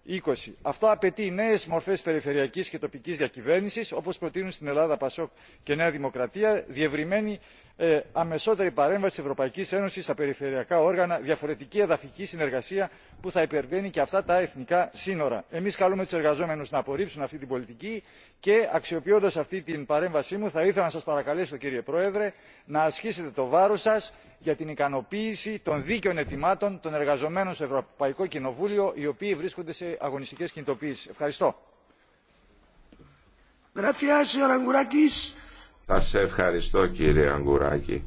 είκοσι Αυτό απαιτεί νέε μορφέ περιφερειακή και τοπική διακυβέρνηση, όπω προτείνουν στην Ελλάδα Πασόκ και Νέα Δημοκρατία, διευρυμένη ε, αμεσότερη παρέμβαση τη Ευρωπαϊκή Ένωση στα περιφερειακά όργανα, διαφορετική εδαφική συνεργασία που θα υπερβαίνει και αυτά τα εθνικά σύνορα. Εμεί καλούμε του εργαζόμενου να απορρίψουν αυτή την πολιτική και αξιοποιώντα αυτή την παρέμβασή μου θα ήθελα να σα παρακαλέσω κύριε Πρόεδρε να ασκήσετε το βάρο σα για την ικανοποίηση των δίκαιων αιτημάτων των εργαζομένων στο ευρωπαϊκό κοινοβούλιο οι οποίοι βρίσκονται σε αγωνιστικές κινητοποιήσεις. ευχαριστώ. Σας ευχαριστώ κύριε Αγγουράκη.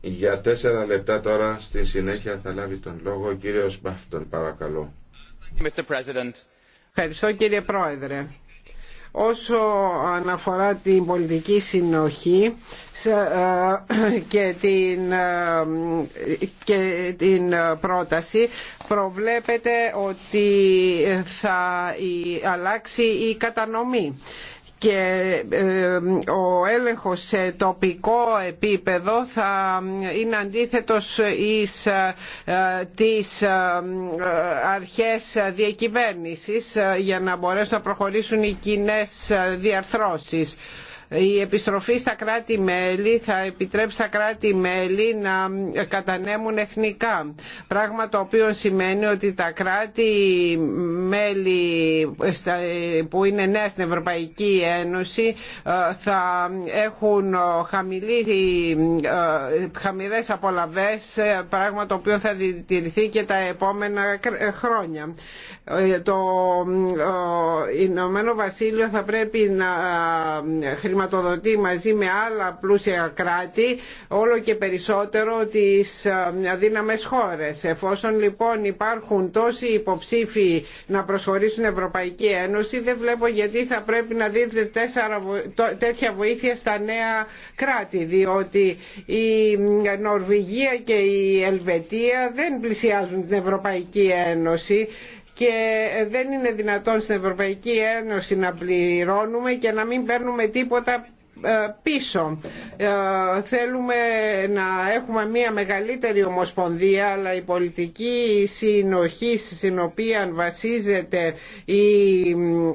Για τέσσερα λεπτά τώρα στη συνέχεια θα λάβει τον λόγο ο κύριος Μπάφτον παρακαλώ. Ευχαριστώ κύριε Πρόεδρε Όσο αναφορά την πολιτική συνοχή ε, και την, ε, και την πρόταση προβλέπεται ότι θα αλλάξει η κατανομή και ε, ο έλεγχος σε τοπικό επίπεδο θα είναι αντίθετος εις ε, τις ε, αρχές διακυβέρνησης για να μπορέσουν να προχωρήσουν οι κοινέ διαρθρώσεις. Η επιστροφή στα κράτη-μέλη θα επιτρέψει στα κράτη-μέλη να ε, κατανέμουν εθνικά. Πράγμα το οποίο σημαίνει ότι τα κράτη-μέλη ε, ε, που είναι νέα στην Ευρωπαϊκή Ένωση θα έχουν χαμηλή, χαμηλές απολαβές, πράγμα το οποίο θα διτηρηθεί και τα επόμενα χρόνια. Το Ηνωμένο Βασίλειο θα πρέπει να χρηματοδοτεί μαζί με άλλα πλούσια κράτη όλο και περισσότερο τις ε, αδύναμες χώρες. Εφόσον λοιπόν υπάρχουν τόσοι υποψήφοι να προσχωρήσουν Ευρωπαϊκή Ένωση δεν βλέπω γιατί θα πρέπει να δίνετε τέτοια βοήθεια στα νέα κράτη διότι η ε, Νορβηγία και η Ελβετία δεν πλησιάζουν την Ευρωπαϊκή Ένωση και δεν είναι δυνατόν στην Ευρωπαϊκή Ένωση να πληρώνουμε και να μην παίρνουμε τίποτα ε, πίσω. Ε, θέλουμε να έχουμε μια μεγαλύτερη ομοσπονδία αλλά η πολιτική συνοχή στην οποία βασίζεται η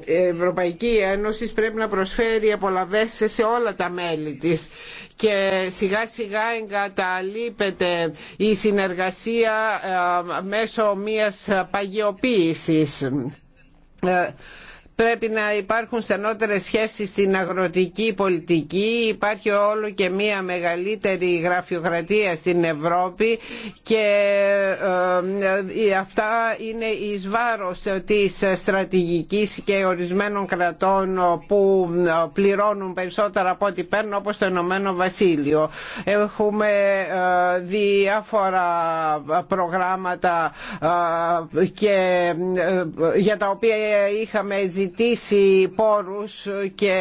ε, Ευρωπαϊκή Ένωση πρέπει να προσφέρει απολαβές σε όλα τα μέλη της και σιγά σιγά εγκαταλείπεται η συνεργασία μέσω μιας παγιοποίησης πρέπει να υπάρχουν στενότερες σχέσεις στην αγροτική πολιτική υπάρχει όλο και μία μεγαλύτερη γραφειοκρατία στην Ευρώπη και ε, ε, αυτά είναι η βάρος της στρατηγικής και ορισμένων κρατών που ε, πληρώνουν περισσότερα από ό,τι παίρνουν όπως το Ενωμένο Βασίλειο. Έχουμε διάφορα προγράμματα και για τα οποία είχαμε ζητήσει ζητήσει πόρους και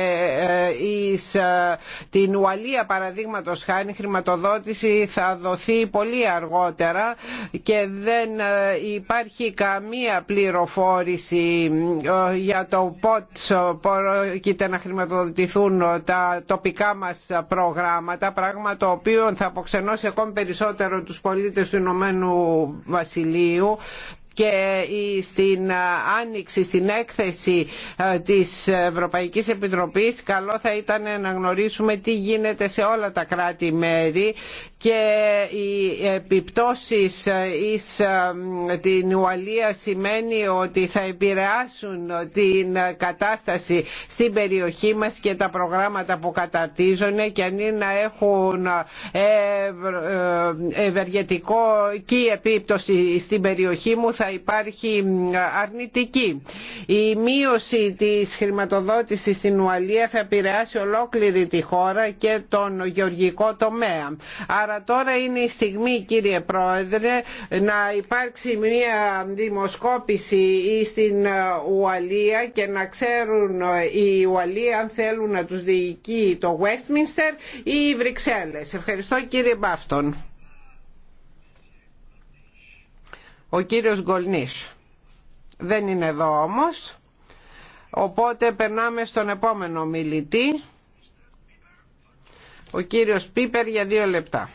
ε, εις ε, την Ουαλία παραδείγματος χάνει χρηματοδότηση θα δοθεί πολύ αργότερα και δεν ε, υπάρχει καμία πληροφόρηση για το πότε πρόκειται να χρηματοδοτηθούν τα τοπικά μας προγράμματα πράγμα το οποίο θα αποξενώσει ακόμη περισσότερο τους πολίτες του Ηνωμένου Βασιλείου και στην άνοιξη στην έκθεση της Ευρωπαϊκής Επιτροπής καλό θα ήταν να γνωρίσουμε τι γίνεται σε όλα τα κράτη-μέρη και οι επιπτώσεις εις την Ουαλία σημαίνει ότι θα επηρεάσουν την κατάσταση στην περιοχή μας και τα προγράμματα που καταρτίζονται και αν είναι να έχουν ευεργετικό και επίπτωση στην περιοχή μου υπάρχει αρνητική. Η μείωση της χρηματοδότησης στην Ουαλία θα επηρεάσει ολόκληρη τη χώρα και τον γεωργικό τομέα. Άρα τώρα είναι η στιγμή κύριε Πρόεδρε να υπάρξει μια δημοσκόπηση στην Ουαλία και να ξέρουν οι Ουαλοί αν θέλουν να τους διοικεί το Westminster ή οι Βρυξέλλες. Ευχαριστώ κύριε Μπάφτον. Ο κύριος Γκολνής δεν είναι εδώ όμως, οπότε περνάμε στον επόμενο μιλητή, ο κύριος Πίπερ για δύο λεπτά.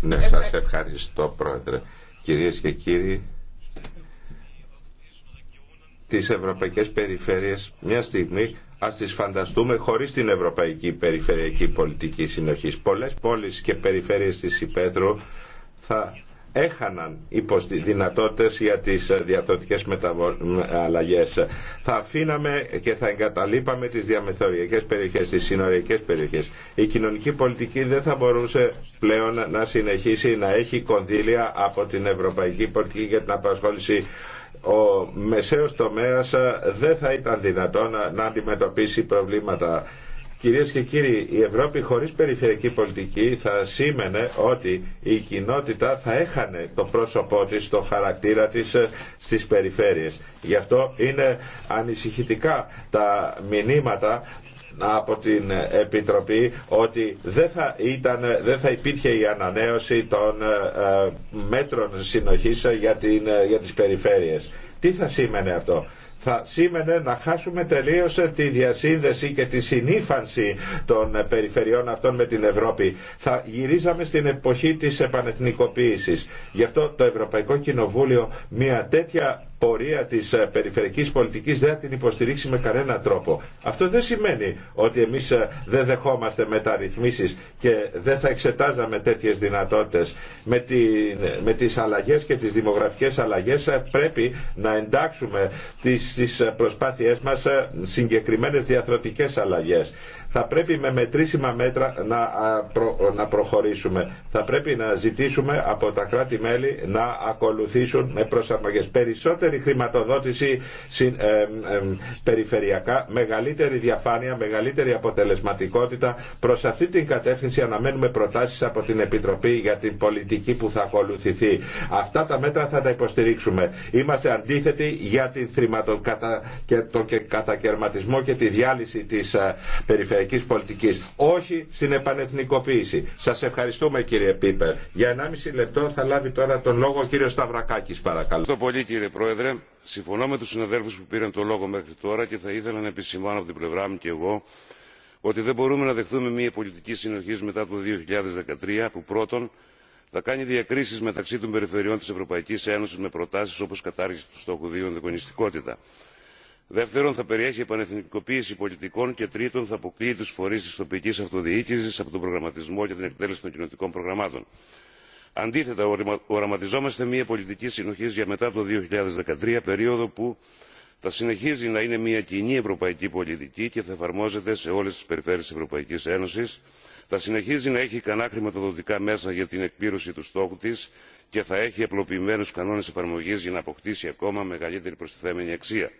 Ναι, σας ευχαριστώ πρόεδρε. Κυρίες και κύριοι, τις ευρωπαϊκές περιφέρειες μια στιγμή ας τις φανταστούμε χωρίς την ευρωπαϊκή περιφερειακή πολιτική συνοχής. Πολλές πόλεις και περιφέρειες της Υπέδρου θα έχαναν υποστη... δυνατότητε για τις ε, διατωτικές αλλαγέ. Θα αφήναμε και θα εγκαταλείπαμε τις διαμεθοριακές περιοχέ, τι συνοριακέ περιοχέ. Η κοινωνική πολιτική δεν θα μπορούσε πλέον να συνεχίσει να έχει κονδύλια από την ευρωπαϊκή πολιτική για την απασχόληση ο μεσαίος τομέας ε, δεν θα ήταν δυνατό ε, να αντιμετωπίσει προβλήματα Κυρίες και κύριοι, η Ευρώπη χωρίς περιφερειακή πολιτική θα σήμαινε ότι η κοινότητα θα έχανε το πρόσωπό της, το χαρακτήρα της ε, στις περιφέρειες. Γι' αυτό είναι ανησυχητικά τα μηνύματα από την Επιτροπή ότι δεν θα, ήταν, ε, δεν θα υπήρχε η ανανέωση των ε, μέτρων συνοχής για, την, για τις περιφέρειες. Τι θα σήμαινε αυτό θα σήμαινε να χάσουμε τελείως ε, τη διασύνδεση και τη συνήφανση των ε, περιφερειών αυτών με την Ευρώπη. Θα γυρίζαμε στην εποχή της επανεθνικοποίησης. Γι' αυτό το Ευρωπαϊκό Κοινοβούλιο μια τέτοια πορεία της ε, περιφερειακής πολιτικής δεν θα την υποστηρίξει με κανένα τρόπο. Αυτό δεν σημαίνει ότι εμείς ε, δεν δεχόμαστε μεταρρυθμίσεις και δεν θα εξετάζαμε τέτοιες δυνατότητες. Με, τη, με τις αλλαγές και τις δημογραφικές αλλαγές ε, πρέπει να εντάξουμε τις, προσπάθειε προσπάθειές μας συγκεκριμένες αλλαγέ. αλλαγές θα πρέπει με μετρήσιμα μέτρα να, να προχωρήσουμε. Θα πρέπει να ζητήσουμε από τα κράτη-μέλη να ακολουθήσουν με προσαρμογές. Περισσότερη χρηματοδότηση συν, περιφερειακά, μεγαλύτερη διαφάνεια, μεγαλύτερη αποτελεσματικότητα. Προς αυτή την κατεύθυνση αναμένουμε προτάσεις από την Επιτροπή για την πολιτική που θα ακολουθηθεί. Αυτά τα μέτρα θα τα υποστηρίξουμε. Είμαστε αντίθετοι για την και τον κατακαιρματισμό και τη διάλυση της ε, περιφερειακής πολιτικής. Όχι στην επανεθνικοποίηση. Σας ευχαριστούμε κύριε Πίπερ. Για 1,5 λεπτό θα λάβει τώρα τον λόγο ο κύριος Σταυρακάκης παρακαλώ. Ευχαριστώ πολύ κύριε Πρόεδρε. Συμφωνώ με τους συναδέλφους που πήραν το λόγο μέχρι τώρα και θα ήθελα να επισημάνω από την πλευρά μου και εγώ ότι δεν μπορούμε να δεχθούμε μια πολιτική συνοχή μετά το 2013 που πρώτον θα κάνει διακρίσει μεταξύ των περιφερειών τη ευρωπαϊκή ένωση με προτάσει όπω κατάργηση του στόχου δύο ενδεκονιστικότητα δεύτερον θα περιέχει επανεθνικοποίηση πολιτικών και τρίτον θα αποκλείει του φορεί τη τοπική αυτοδιοίκηση από τον προγραμματισμό και την εκτέλεση των κοινοτικών προγραμμάτων. αντίθετα οραματιζόμαστε μια πολιτική συνοχή για μετά το 2013 περίοδο που θα συνεχίζει να είναι μια κοινή ευρωπαϊκή πολιτική και θα εφαρμόζεται σε όλε τι περιφέρειες τη ευρωπαϊκή ένωση θα συνεχίζει να έχει ικανά χρηματοδοτικά μέσα για την εκπλήρωση του στόχου τη και θα έχει απλοποιημένου κανόνε εφαρμογή για να αποκτήσει ακόμα μεγαλύτερη προστιθέμενη αξία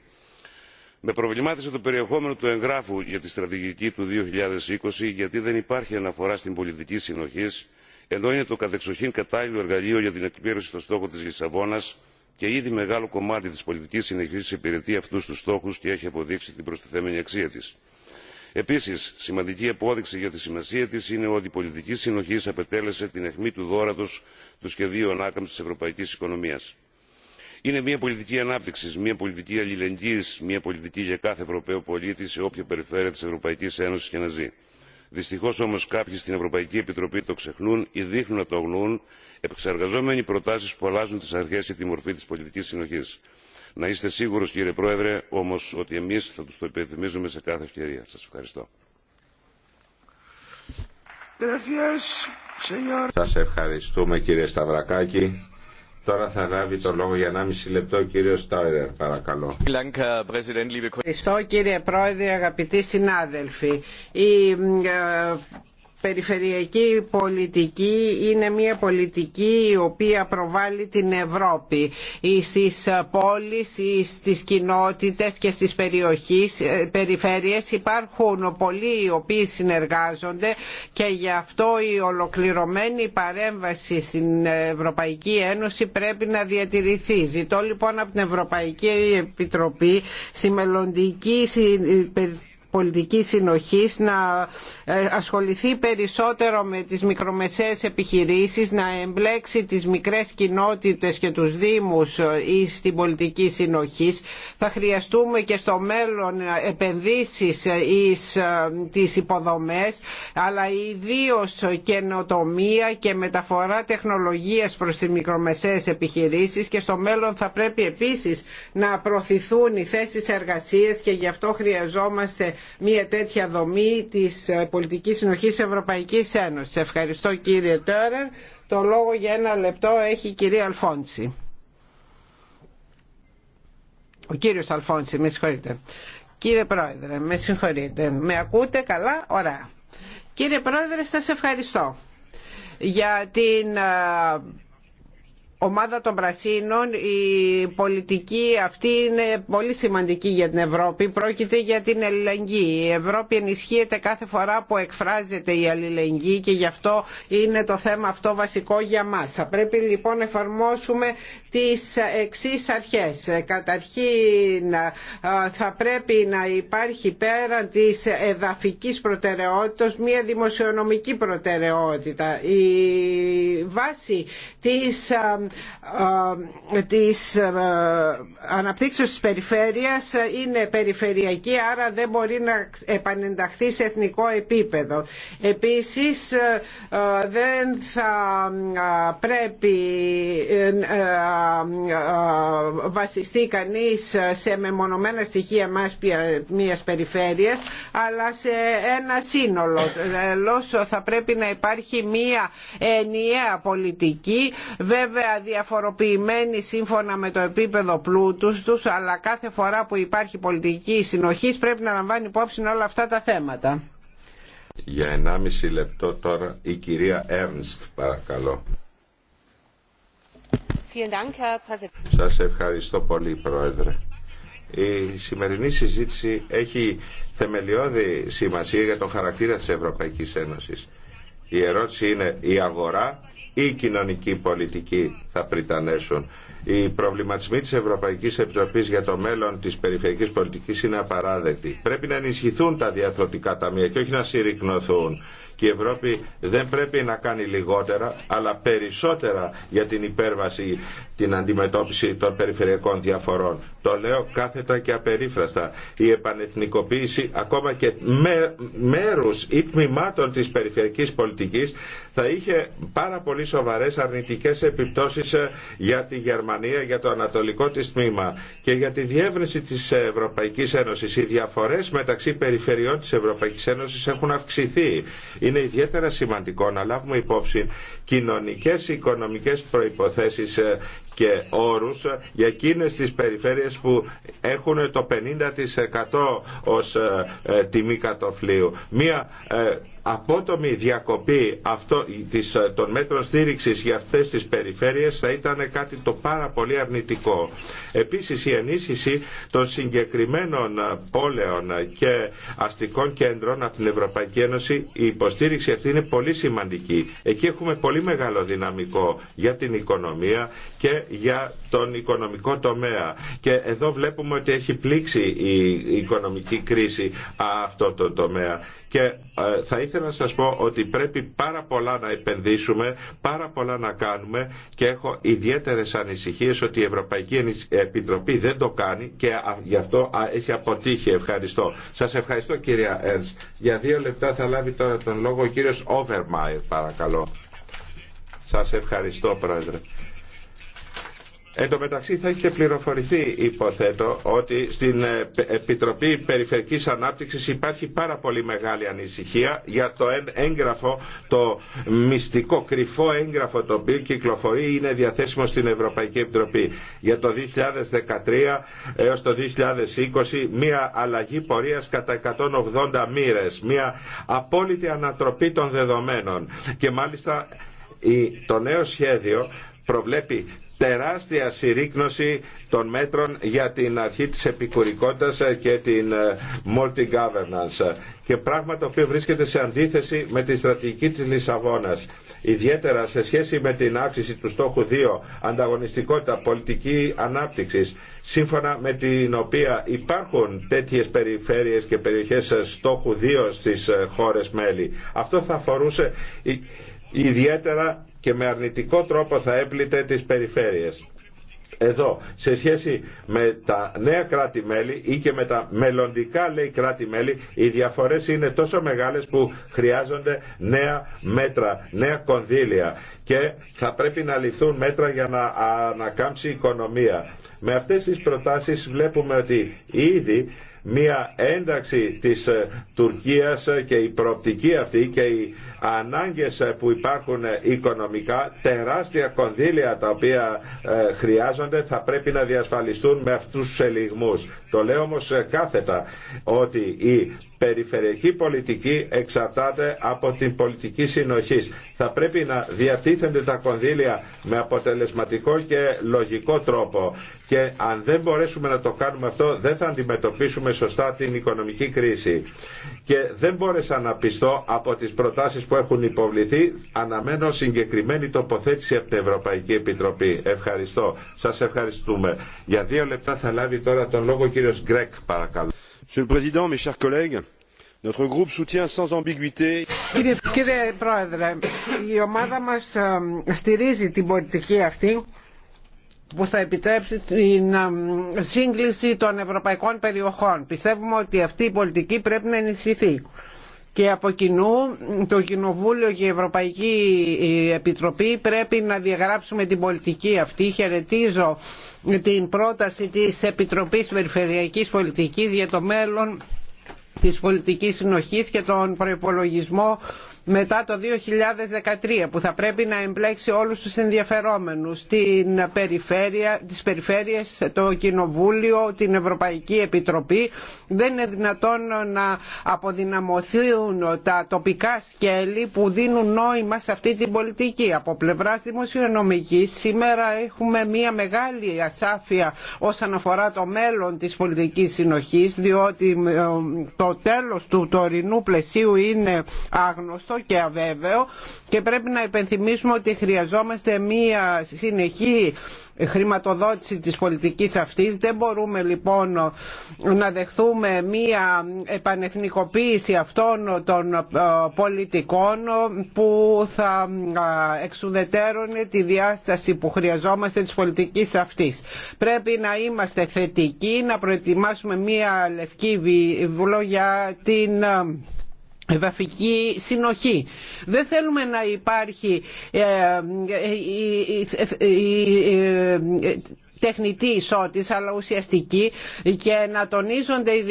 με προβλημάτισε το περιεχόμενο του εγγράφου για τη στρατηγική του 2020 γιατί δεν υπάρχει αναφορά στην πολιτική συνοχή ενώ είναι το κατεξοχήν κατάλληλο εργαλείο για την εκπλήρωση των στόχων τη Λισαβόνα και ήδη μεγάλο κομμάτι τη πολιτική συνοχή υπηρετεί αυτού του στόχου και έχει αποδείξει την προστιθέμενη αξία τη. Επίση, σημαντική απόδειξη για τη σημασία τη είναι ότι η πολιτική συνοχή απετέλεσε την αιχμή του δόρατο του σχεδίου ανάκαμψη τη ευρωπαϊκή οικονομία είναι μια πολιτική ανάπτυξη μια πολιτική αλληλεγγύη μια πολιτική για κάθε ευρωπαίο πολίτη σε όποια περιφέρεια τη ευρωπαϊκή ένωση και να ζει. δυστυχώ όμω κάποιοι στην ευρωπαϊκή επιτροπή το ξεχνούν ή δείχνουν να το αγνοούν επεξεργαζόμενοι προτάσει που αλλάζουν τι αρχέ και τη μορφή τη πολιτική συνοχή. να είστε σίγουρο κύριε πρόεδρε όμω ότι εμεί θα του το υπενθυμίζουμε σε κάθε ευκαιρία. σα ευχαριστώ. Σας ευχαριστούμε κύριε Τώρα θα λάβει το λόγο για 1,5 λεπτό ο κύριος Τόιρερ, παρακαλώ. Ευχαριστώ κύριε Πρόεδρε, αγαπητοί συνάδελφοι. Η ε, περιφερειακή πολιτική είναι μια πολιτική η οποία προβάλλει την Ευρώπη στις πόλεις, στις κοινότητες και στις περιοχές, ε, περιφέρειες υπάρχουν πολλοί οι οποίοι συνεργάζονται και γι' αυτό η ολοκληρωμένη παρέμβαση στην Ευρωπαϊκή Ένωση πρέπει να διατηρηθεί. Ζητώ λοιπόν από την Ευρωπαϊκή Επιτροπή στη μελλοντική Πολιτική συνοχής να ε, ασχοληθεί περισσότερο με τις μικρομεσαίες επιχειρήσεις, να εμπλέξει τις μικρές κοινότητες και τους δήμους ε, ή στην πολιτική συνοχής. Θα χρειαστούμε και στο μέλλον ε, επενδύσεις ή τις υποδομές, αλλά ιδίω καινοτομία και μεταφορά τεχνολογίας προς τις μικρομεσαίες επιχειρήσεις και στο μέλλον θα πρέπει επίσης να προωθηθούν οι θέσεις εργασίας και γι' αυτό χρειαζόμαστε μια τέτοια δομή της ε, πολιτικής συνοχής Ευρωπαϊκής Ένωσης. Ευχαριστώ κύριε Τόρερ. Το λόγο για ένα λεπτό έχει η κυρία Ο κύριος Αλφόνση, με συγχωρείτε. Κύριε Πρόεδρε, με συγχωρείτε. Με ακούτε καλά, ωραία. Κύριε Πρόεδρε, σας ευχαριστώ για την ε, ομάδα των Πρασίνων η πολιτική αυτή είναι πολύ σημαντική για την Ευρώπη. Πρόκειται για την αλληλεγγύη. Η Ευρώπη ενισχύεται κάθε φορά που εκφράζεται η αλληλεγγύη και γι' αυτό είναι το θέμα αυτό βασικό για μας. Θα πρέπει λοιπόν να εφαρμόσουμε τις εξής αρχές. Καταρχήν θα πρέπει να υπάρχει πέραν της εδαφικής προτεραιότητας μια δημοσιονομική προτεραιότητα. Η βάση της ε, της ε, αναπτύξεως της περιφέρειας ε, είναι περιφερειακή άρα δεν μπορεί να επανενταχθεί σε εθνικό επίπεδο. Επίσης δεν θα πρέπει βασιστεί κανείς σε μεμονωμένα στοιχεία μιας περιφέρειας αλλά σε ένα σύνολο. λοιπόν, θα πρέπει να υπάρχει μια ενιαία πολιτική βέβαια διαφοροποιημένοι σύμφωνα με το επίπεδο πλούτου τους αλλά κάθε φορά που υπάρχει πολιτική συνοχή πρέπει να λαμβάνει υπόψη όλα αυτά τα θέματα. Για 1,5 λεπτό τώρα η κυρία Έρνστ παρακαλώ. Σας ευχαριστώ πολύ Πρόεδρε. Η σημερινή συζήτηση έχει θεμελιώδη σημασία για τον χαρακτήρα της Ευρωπαϊκής Ένωσης. Η ερώτηση είναι η αγορά ή κοινωνική πολιτική θα πριτανέσουν. Οι προβληματισμοί της Ευρωπαϊκής Επιτροπής για το μέλλον της περιφερειακής πολιτικής είναι απαράδεκτοι. Πρέπει να ενισχυθούν τα διαθροτικά ταμεία και όχι να συρρυκνωθούν. Και η Ευρώπη δεν πρέπει να κάνει λιγότερα, αλλά περισσότερα για την υπέρβαση, την αντιμετώπιση των περιφερειακών διαφορών. Το λέω κάθετα και απερίφραστα. Η επανεθνικοποίηση ακόμα και μέρους ή τμήματων της περιφερειακής πολιτικής θα είχε πάρα πολύ σοβαρές αρνητικές επιπτώσεις ε, για τη Γερμανία, για το ανατολικό της τμήμα και για τη διεύρυνση της Ευρωπαϊκής Ένωσης. Οι διαφορές μεταξύ περιφερειών της Ευρωπαϊκής Ένωσης έχουν αυξηθεί. Είναι ιδιαίτερα σημαντικό να λάβουμε υπόψη κοινωνικές, οικονομικές προϋποθέσεις ε, και όρους ε, για εκείνες τις περιφέρειες που έχουν το 50% ως τιμή κατοφλίου. Μία απότομη διακοπή αυτό, της, ε, των μέτρων στήριξης για αυτές τις περιφέρειες θα ήταν κάτι το πάρα πολύ αρνητικό. Επίσης η ενίσχυση των συγκεκριμένων ε, πόλεων και αστικών κέντρων από την Ευρωπαϊκή Ένωση η υποστήριξη αυτή είναι πολύ σημαντική. Εκεί έχουμε πολύ μεγάλο δυναμικό για την οικονομία και για τον οικονομικό τομέα. Και εδώ βλέπουμε ότι έχει πλήξει η οικονομική κρίση αυτό το τομέα και ε, θα ήθελα να σας πω ότι πρέπει πάρα πολλά να επενδύσουμε, πάρα πολλά να κάνουμε και έχω ιδιαίτερες ανησυχίες ότι η Ευρωπαϊκή Επιτροπή δεν το κάνει και γι' αυτό έχει αποτύχει. Ευχαριστώ. Σας ευχαριστώ κυρία Ένς. Για δύο λεπτά θα λάβει τώρα τον λόγο ο κύριος Όβερμαϊρ παρακαλώ. Σας ευχαριστώ πρόεδρε. Εν τω μεταξύ θα και πληροφορηθεί υποθέτω ότι στην ε, Επιτροπή Περιφερικής Ανάπτυξης υπάρχει πάρα πολύ μεγάλη ανησυχία για το έγγραφο, το μυστικό κρυφό έγγραφο το οποίο κυκλοφορεί είναι διαθέσιμο στην Ευρωπαϊκή Επιτροπή. Για το 2013 έως το 2020 μια αλλαγή πορείας κατά 180 μοίρες, μια απόλυτη ανατροπή των δεδομένων και μάλιστα το νέο σχέδιο προβλέπει τεράστια συρρήκνωση των μέτρων για την αρχή της επικουρικότητας και την ε, multi-governance και πράγμα το οποίο βρίσκεται σε αντίθεση με τη στρατηγική της Λισαβόνας. Ιδιαίτερα σε σχέση με την αύξηση του στόχου 2, ανταγωνιστικότητα πολιτική ανάπτυξης, σύμφωνα με την οποία υπάρχουν τέτοιε περιφέρειες και περιοχές στόχου 2 στις ε, χώρες μέλη. Αυτό θα αφορούσε ιδιαίτερα και με αρνητικό τρόπο θα έπλητε τις περιφέρειες. Εδώ, σε σχέση με τα νέα κράτη-μέλη ή και με τα μελλοντικά λέει κράτη-μέλη, οι διαφορές είναι τόσο μεγάλες που χρειάζονται νέα μέτρα, νέα κονδύλια και θα πρέπει να ληφθούν μέτρα για να ανακάμψει η οικονομία. Με αυτές τις προτάσεις βλέπουμε ότι ήδη μια ένταξη της ε, Τουρκίας ε, και η προοπτική αυτή και οι ανάγκες ε, που υπάρχουν οικονομικά, τεράστια κονδύλια τα οποία χρειάζονται θα πρέπει να διασφαλιστούν με αυτούς τους ελιγμούς. Το λέω όμως κάθετα ότι η περιφερειακή πολιτική εξαρτάται από την πολιτική συνοχή. Θα πρέπει να διατίθενται τα κονδύλια με αποτελεσματικό και λογικό τρόπο. Και αν δεν μπορέσουμε να το κάνουμε αυτό, δεν θα αντιμετωπίσουμε σωστά την οικονομική κρίση. Και δεν μπόρεσα να πιστώ από τις προτάσεις που έχουν υποβληθεί, αναμένω συγκεκριμένη τοποθέτηση από την Ευρωπαϊκή Επιτροπή. Ευχαριστώ. Σας ευχαριστούμε. Για δύο λεπτά θα λάβει τώρα τον λόγο ο κύριος Γκρέκ, παρακαλώ. Κύριε Πρόεδρε, η ομάδα μας ε, στηρίζει την πολιτική αυτή που θα επιτρέψει την ε, σύγκληση των ευρωπαϊκών περιοχών. Πιστεύουμε ότι αυτή η πολιτική πρέπει να ενισχυθεί και από κοινού το Κοινοβούλιο και η Ευρωπαϊκή ε, Επιτροπή πρέπει να διαγράψουμε την πολιτική αυτή. Χαιρετίζω την πρόταση της Επιτροπής Περιφερειακής Πολιτικής για το μέλλον της πολιτικής συνοχής και τον προϋπολογισμό μετά το 2013 που θα πρέπει να εμπλέξει όλους τους ενδιαφερόμενους την περιφέρεια, τις περιφέρειες, το Κοινοβούλιο, την Ευρωπαϊκή Επιτροπή δεν είναι δυνατόν να αποδυναμωθούν τα τοπικά σκέλη που δίνουν νόημα σε αυτή την πολιτική. Από πλευράς δημοσιονομικής σήμερα έχουμε μια μεγάλη ασάφεια όσον αφορά το μέλλον της πολιτικής συνοχής διότι ε, το τέλος του τωρινού πλαισίου είναι άγνωστο και αβέβαιο και πρέπει να υπενθυμίσουμε ότι χρειαζόμαστε μία συνεχή χρηματοδότηση της πολιτικής αυτής. Δεν μπορούμε λοιπόν να δεχθούμε μία επανεθνικοποίηση αυτών των ε, πολιτικών που θα ε, εξουδετέρωνε τη διάσταση που χρειαζόμαστε της πολιτικής αυτής. Πρέπει να είμαστε θετικοί, να προετοιμάσουμε μία λευκή βιβλό για την ε, εδαφική συνοχή. Δεν θέλουμε να υπάρχει τεχνητή ισότητα αλλά ουσιαστική και να τονίζονται οι,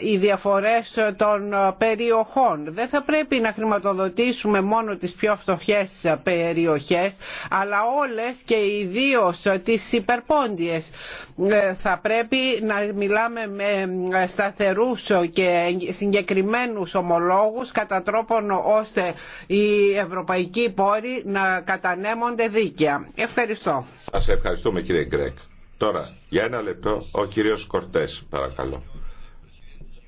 οι διαφορές των ε, περιοχών. Δεν θα πρέπει να χρηματοδοτήσουμε μόνο τις πιο φτωχές ε, περιοχές αλλά όλες και ιδίω ε, τις υπερπόντιες. Θα πρέπει να μιλάμε με σταθερούς και συγκεκριμένους ομολόγους κατά τρόπον ώστε οι ευρωπαϊκοί πόροι να κατανέμονται δίκαια. Ευχαριστώ. Σας ευχαριστούμε Γκρέκ. Τώρα, για ένα λεπτό, ο κύριος Κορτές, παρακαλώ.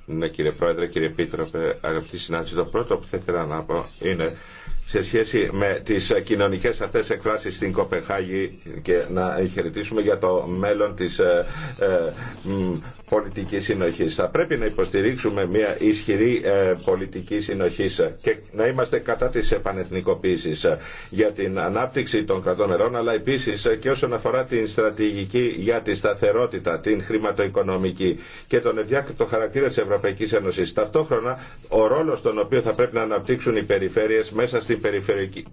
Ναι, κύριε Πρόεδρε, κύριε Επίτροπε, αγαπητοί συνάδελφοι, το πρώτο που θα ήθελα να πω είναι σε σχέση με τις κοινωνικές αυτές εκφράσεις στην Κοπεχάγη και να χαιρετήσουμε για το μέλλον της ε, ε, πολιτικής συνοχής. Θα πρέπει να υποστηρίξουμε μια ισχυρή ε, πολιτική συνοχή και να είμαστε κατά της επανεθνικοποίηση για την ανάπτυξη των κρατών μερών, αλλά επίσης και όσον αφορά την στρατηγική για τη σταθερότητα, την χρηματοοικονομική και τον ευδιάκριτο χαρακτήρα της Ευρωπαϊκής Ένωσης. Ταυτόχρονα, ο ρόλος τον οποίο θα πρέπει να αναπτύξουν οι περιφέρειες μέσα στην περιφερειακή,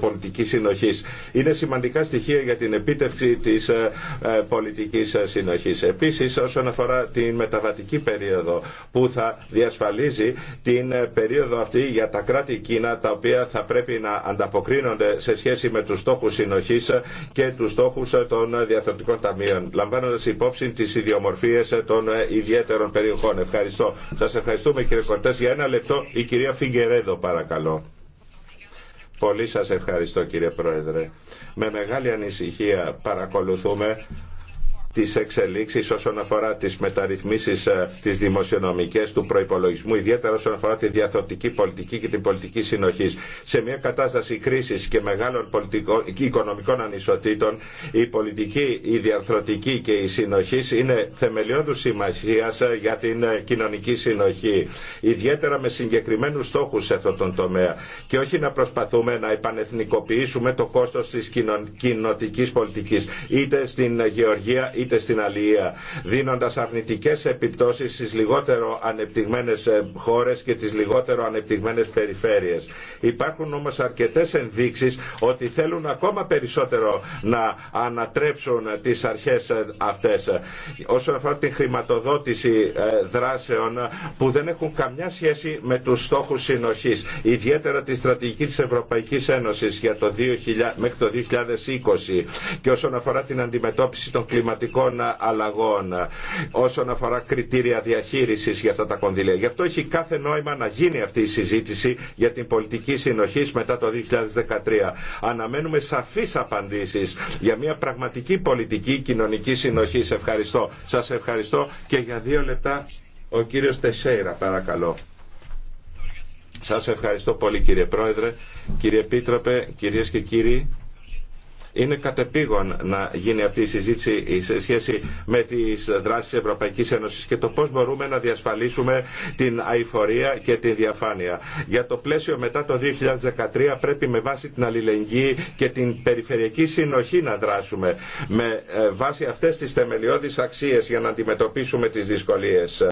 πολιτική συνοχή. Είναι σημαντικά στοιχεία για την επίτευξη τη ε, ε, πολιτική συνοχή. Επίση, όσον αφορά την μεταβατική περίοδο που θα διασφαλίζει την ε, περίοδο αυτή για τα κράτη Κίνα, τα οποία θα πρέπει να ανταποκρίνονται σε σχέση με του στόχου συνοχή και του στόχου των διαθροτικών ταμείων, λαμβάνοντα υπόψη τι ιδιομορφίε των ιδιαίτερων περιοχών. Ευχαριστώ. Σα ευχαριστούμε κύριε Κορτέ. Για ένα λεπτό η κυρία Φιγκερέδο παρακαλώ. Πολύ σας ευχαριστώ κύριε Πρόεδρε. Με μεγάλη ανησυχία παρακολουθούμε τις εξελίξεις όσον αφορά τις μεταρρυθμίσεις ε, τις δημοσιονομικές του προϋπολογισμού, ιδιαίτερα όσον αφορά τη διαθροτική πολιτική και την πολιτική συνοχή, Σε μια κατάσταση κρίσης και μεγάλων οικονομικών ανισοτήτων, η πολιτική, η διαρθρωτική και η συνοχή είναι θεμελιώδου σημασία ε, για την ε, κοινωνική συνοχή. Ιδιαίτερα με συγκεκριμένους στόχους σε αυτόν τον τομέα. Και όχι να προσπαθούμε να επανεθνικοποιήσουμε το κόστος της κοινωνικής πολιτική, είτε στην γεωργία, είτε ασκείται στην Αλία, δίνοντας αρνητικές επιπτώσεις στις λιγότερο ανεπτυγμένες ε, χώρες και τις λιγότερο ανεπτυγμένες περιφέρειες. Υπάρχουν όμως αρκετές ενδείξεις ότι θέλουν ακόμα περισσότερο να ανατρέψουν τις αρχές ε, αυτές. Όσον αφορά την χρηματοδότηση ε, δράσεων που δεν έχουν καμιά σχέση με τους στόχους συνοχής, ιδιαίτερα τη στρατηγική της Ευρωπαϊκής Ένωσης για το 2000, μέχρι το 2020 και όσον αφορά την αντιμετώπιση των κλιματικών κλιματικών αλλαγών όσον αφορά κριτήρια διαχείρισης για αυτά τα κονδύλια. Γι' αυτό έχει κάθε νόημα να γίνει αυτή η συζήτηση για την πολιτική συνοχή μετά το 2013. Αναμένουμε σαφείς απαντήσεις για μια πραγματική πολιτική κοινωνική συνοχή. Ευχαριστώ. Σας ευχαριστώ και για δύο λεπτά ο κύριος Τεσέιρα παρακαλώ. Σας ευχαριστώ πολύ κύριε Πρόεδρε, κύριε Επίτροπε, κυρίες και κύριοι. Είναι κατεπήγον να γίνει αυτή η συζήτηση σε σχέση με τις δράσεις Ευρωπαϊκής Ένωση και το πώς μπορούμε να διασφαλίσουμε την αηφορία και τη διαφάνεια. Για το πλαίσιο μετά το 2013 πρέπει με βάση την αλληλεγγύη και την περιφερειακή συνοχή να δράσουμε με ε, βάση αυτές τις θεμελιώδεις αξίες για να αντιμετωπίσουμε τις δυσκολίες.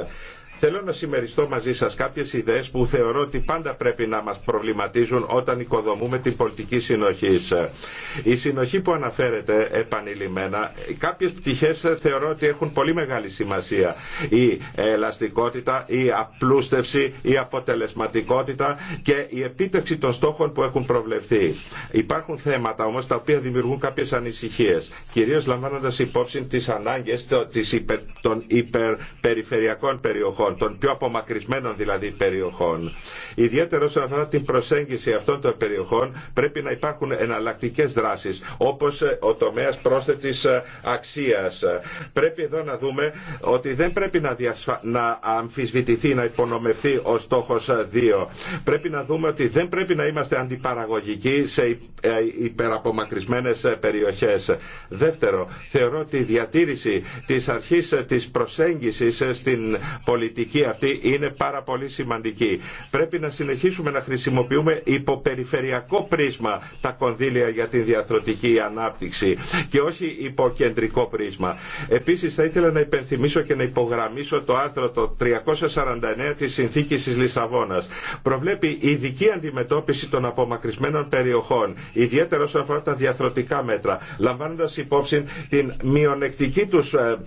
Θέλω να συμμεριστώ μαζί σας κάποιες ιδέες που θεωρώ ότι πάντα πρέπει να μας προβληματίζουν όταν οικοδομούμε την πολιτική συνοχή. Η συνοχή που αναφέρεται επανειλημμένα, κάποιες πτυχές θεωρώ ότι έχουν πολύ μεγάλη σημασία. Η ελαστικότητα, η απλούστευση, η αποτελεσματικότητα και η επίτευξη των στόχων που έχουν προβλεφθεί. Υπάρχουν θέματα όμως τα οποία δημιουργούν κάποιες ανησυχίες, κυρίως λαμβάνοντας υπόψη τις ανάγκες των υπερπεριφερειακών περιοχών περιοχών, των πιο απομακρυσμένων δηλαδή περιοχών. Ιδιαίτερα όσον αφορά την προσέγγιση αυτών των περιοχών πρέπει να υπάρχουν εναλλακτικέ δράσει όπω ε, ο τομέα πρόσθετη ε, αξία. Πρέπει εδώ να δούμε ότι δεν πρέπει να, να αμφισβητηθεί, να υπονομευθεί ο στόχο 2. Ε, πρέπει να δούμε ότι δεν πρέπει να είμαστε αντιπαραγωγικοί σε υπεραπομακρυσμένε περιοχέ. Δεύτερο, θεωρώ ότι η διατήρηση τη αρχή τη προσέγγιση στην πολιτική πολιτική αυτή είναι πάρα πολύ σημαντική. Πρέπει να συνεχίσουμε να χρησιμοποιούμε υποπεριφερειακό πρίσμα τα κονδύλια για την διαθροτική ανάπτυξη και όχι υποκεντρικό πρίσμα. Επίσης θα ήθελα να υπενθυμίσω και να υπογραμμίσω το άρθρο το 349 της Συνθήκης της Λισαβόνας. Προβλέπει ειδική αντιμετώπιση των απομακρυσμένων περιοχών, ιδιαίτερα όσον αφορά τα διαθροτικά μέτρα, λαμβάνοντας υπόψη την μειονεκτική τους ε,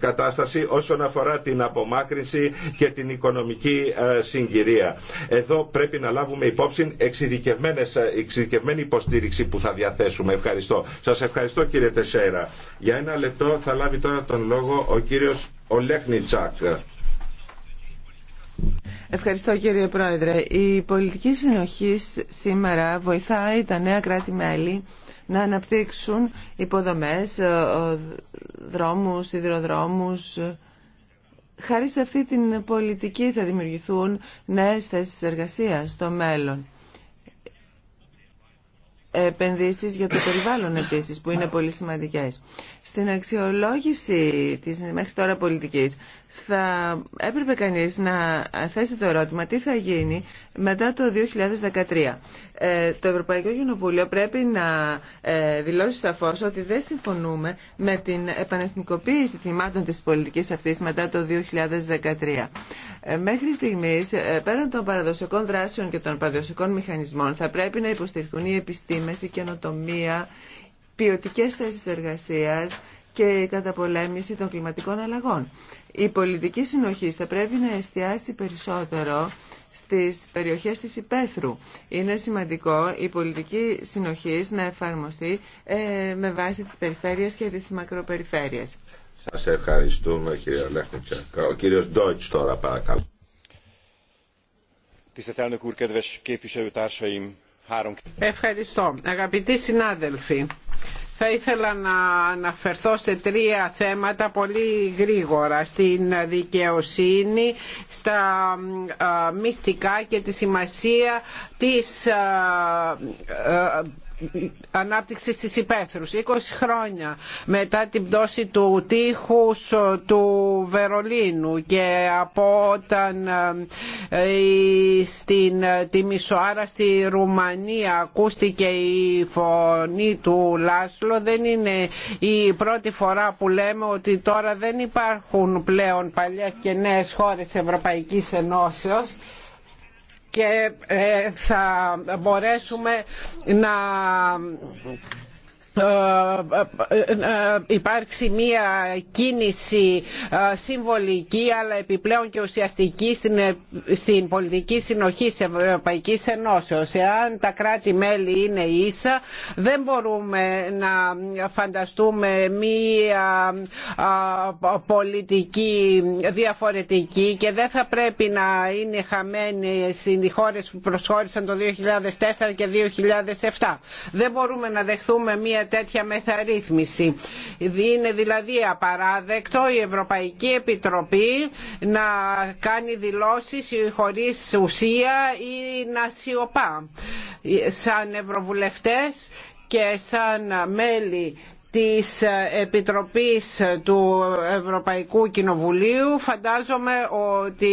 κατάσταση όσον αφορά την απομάκρυνση, και την οικονομική ε, συγκυρία. Εδώ πρέπει να λάβουμε υπόψη ε, εξειδικευμένη υποστήριξη που θα διαθέσουμε. Ευχαριστώ. Σας ευχαριστώ κύριε Τεσέρα. Για ένα λεπτό θα λάβει τώρα τον λόγο ο κύριος Ολέχνιτσακ. Ευχαριστώ κύριε Πρόεδρε. Η πολιτική συνοχή σήμερα βοηθάει τα νέα κράτη-μέλη να αναπτύξουν υποδομές, ε, δρόμους, υδροδρόμους, Χάρη σε αυτή την πολιτική θα δημιουργηθούν νέες θέσεις εργασίας στο μέλλον. Επενδύσεις για το περιβάλλον επίσης που είναι πολύ σημαντικές. Στην αξιολόγηση της μέχρι τώρα πολιτικής θα έπρεπε κανείς να θέσει το ερώτημα τι θα γίνει μετά το 2013. Ε, το Ευρωπαϊκό Κοινοβούλιο πρέπει να ε, δηλώσει σαφώς ότι δεν συμφωνούμε με την επανεθνικοποίηση θυμάτων της πολιτικής αυτής μετά το 2013. Ε, μέχρι στιγμής, πέραν των παραδοσιακών δράσεων και των παραδοσιακών μηχανισμών, θα πρέπει να υποστηριχθούν οι επιστήμε, η καινοτομία, ποιοτικέ θέσει εργασία και η καταπολέμηση των κλιματικών αλλαγών. Η πολιτική συνοχή θα πρέπει να εστιάσει περισσότερο στις περιοχές της υπαίθρου. Είναι σημαντικό η πολιτική συνοχής να εφαρμοστεί ε, με βάση τις περιφέρειες και τις μακροπεριφέρειες. Σας ευχαριστούμε κύριε Λέχνιτσα. Ο κύριος Ντόιτς τώρα παρακαλώ. Ευχαριστώ. Αγαπητοί συνάδελφοι, θα ήθελα να αναφερθώ σε τρία θέματα πολύ γρήγορα. Στην δικαιοσύνη, στα μυστικά και τη σημασία της Ανάπτυξη της υπαίθρους. 20 χρόνια μετά την πτώση του τείχους ε, του Βερολίνου και από όταν ε, στην ε, τη Μισοάρα στη Ρουμανία ακούστηκε η φωνή του Λάσλο δεν είναι η πρώτη φορά που λέμε ότι τώρα δεν υπάρχουν πλέον παλιές και νέες χώρες Ευρωπαϊκής Ενώσεως και ε, θα μπορέσουμε να ε, ε, ε, υπάρξει μια κίνηση συμβολική αλλά επιπλέον και ουσιαστική στην, πολιτική συνοχή της Ευρωπαϊκής Ενώσεως. Εάν τα κράτη-μέλη είναι ίσα δεν μπορούμε να φανταστούμε μια πολιτική διαφορετική και δεν θα πρέπει να είναι χαμένη οι χώρες που προσχώρησαν το 2004 και 2007. Δεν μπορούμε να δεχθούμε μια τέτοια μεθαρρύθμιση. Είναι δηλαδή απαράδεκτο η Ευρωπαϊκή Επιτροπή να κάνει δηλώσεις χωρίς ουσία ή να σιωπά. Σαν Ευρωβουλευτές και σαν μέλη της Επιτροπής του Ευρωπαϊκού Κοινοβουλίου φαντάζομαι ότι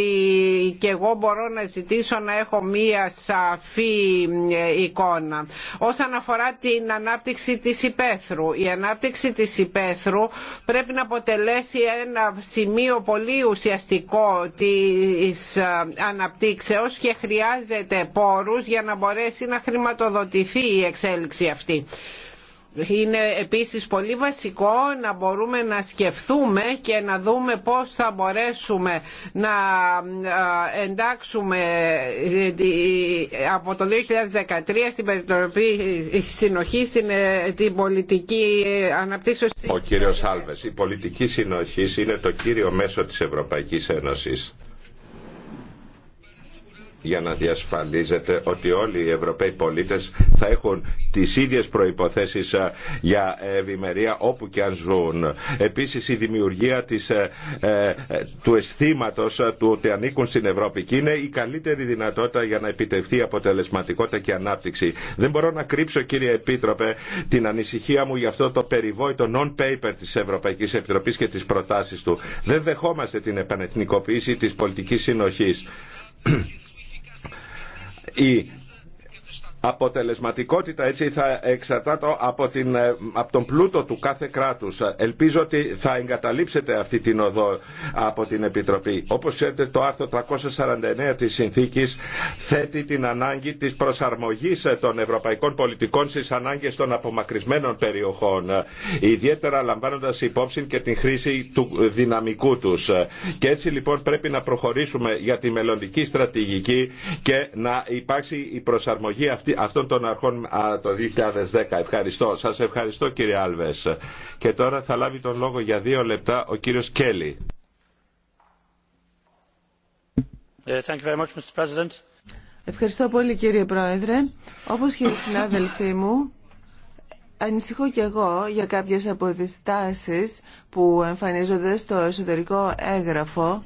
και εγώ μπορώ να ζητήσω να έχω μία σαφή εικόνα. Όσον αφορά την ανάπτυξη της υπαίθρου, η ανάπτυξη της υπαίθρου πρέπει να αποτελέσει ένα σημείο πολύ ουσιαστικό της αναπτύξεως και χρειάζεται πόρους για να μπορέσει να χρηματοδοτηθεί η εξέλιξη αυτή. Είναι επίσης πολύ βασικό να μπορούμε να σκεφτούμε και να δούμε πώς θα μπορέσουμε να εντάξουμε ε, ε, από το 2013 στην περιτροφή συνοχή στην ε, την πολιτική αναπτύξεως. Ο κύριος Άλβες, η πολιτική συνοχή είναι το κύριο μέσο της Ευρωπαϊκής Ένωσης για να διασφαλίζεται ότι όλοι οι Ευρωπαίοι πολίτες θα έχουν τις ίδιες προϋποθέσεις για ευημερία όπου και αν ζουν. Επίσης η δημιουργία της, ε, ε, του αισθήματο του ότι ανήκουν στην Ευρώπη και είναι η καλύτερη δυνατότητα για να επιτευχθεί αποτελεσματικότητα και ανάπτυξη. Δεν μπορώ να κρύψω κύριε Επίτροπε την ανησυχία μου για αυτό το περιβόητο non-paper της Ευρωπαϊκής Επιτροπής και τις προτάσεις του. Δεν δεχόμαστε την επανεθνικοποίηση της πολιτικής συνοχής η αποτελεσματικότητα έτσι θα εξαρτάται από, την, ε, από τον πλούτο του κάθε κράτους. Ελπίζω ότι θα εγκαταλείψετε αυτή την οδό από την Επιτροπή. Όπως ξέρετε το άρθρο 349 της Συνθήκης θέτει την ανάγκη της προσαρμογής ε, των ευρωπαϊκών πολιτικών στις ανάγκες των απομακρυσμένων περιοχών. Ε, ιδιαίτερα λαμβάνοντας υπόψη και την χρήση του δυναμικού τους. Και έτσι λοιπόν πρέπει να προχωρήσουμε για τη μελλοντική στρατηγική και να υπάρξει η προσαρμογή αυτή αυτών των αρχών το 2010. Ευχαριστώ. Σας ευχαριστώ κύριε Άλβες. Και τώρα θα λάβει τον λόγο για δύο λεπτά ο κύριος Κέλλη. Ε, thank you very much, Mr. President. Ευχαριστώ πολύ κύριε Πρόεδρε. Όπως και οι συνάδελφοί μου, ανησυχώ και εγώ για κάποιες από τι τάσει που εμφανίζονται στο εσωτερικό έγγραφο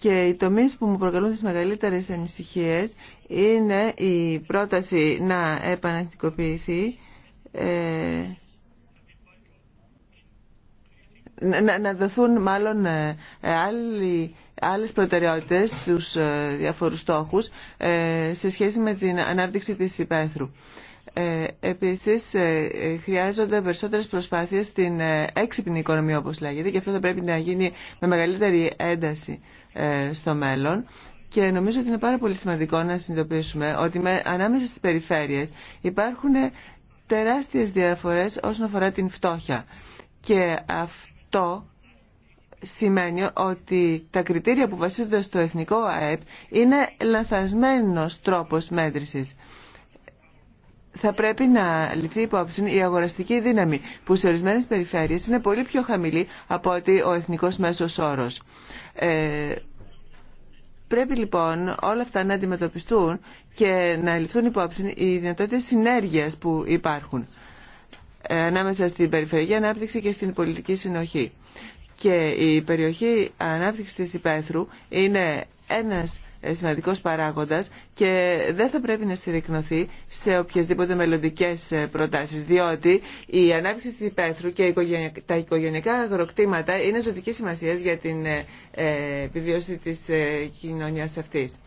και οι τομεί που μου προκαλούν τι μεγαλύτερε ανησυχίε είναι η πρόταση να επανακτικοποιηθεί, ε, να δοθούν μάλλον ε, άλλοι άλλες προτεραιότητες στους ε, διαφορούς στόχους σε σχέση με την ανάπτυξη της υπαίθρου. Επίσης, χρειάζονται περισσότερες προσπάθειες στην έξυπνη οικονομία, όπως λέγεται, και αυτό θα πρέπει να γίνει με μεγαλύτερη ένταση. Ε, στο μέλλον. Και νομίζω ότι είναι πάρα πολύ σημαντικό να συνειδητοποιήσουμε ότι με, ανάμεσα στις περιφέρειες υπάρχουν τεράστιες διαφορές όσον αφορά την φτώχεια. Και αυτό σημαίνει ότι τα κριτήρια που βασίζονται στο εθνικό ΑΕΠ είναι λανθασμένος τρόπος μέτρησης. Θα πρέπει να ληφθεί υπόψη η αγοραστική δύναμη που σε ορισμένες περιφέρειες είναι πολύ πιο χαμηλή από ότι ο εθνικός μέσος όρος. Ε, πρέπει λοιπόν όλα αυτά να αντιμετωπιστούν και να ληφθούν υπόψη οι δυνατότητες συνέργειας που υπάρχουν ε, ανάμεσα στην περιφερειακή ανάπτυξη και στην πολιτική συνοχή. Και η περιοχή ανάπτυξης της υπαίθρου είναι ένας σημαντικός παράγοντας και δεν θα πρέπει να συρρυκνωθεί σε οποιασδήποτε μελλοντικέ ε, προτάσεις, διότι η ανάπτυξη της υπαίθρου και τα οικογενειακά αγροκτήματα είναι ζωτικής σημασία για την ε, ε, επιβίωση της κοινωνίας αυτής.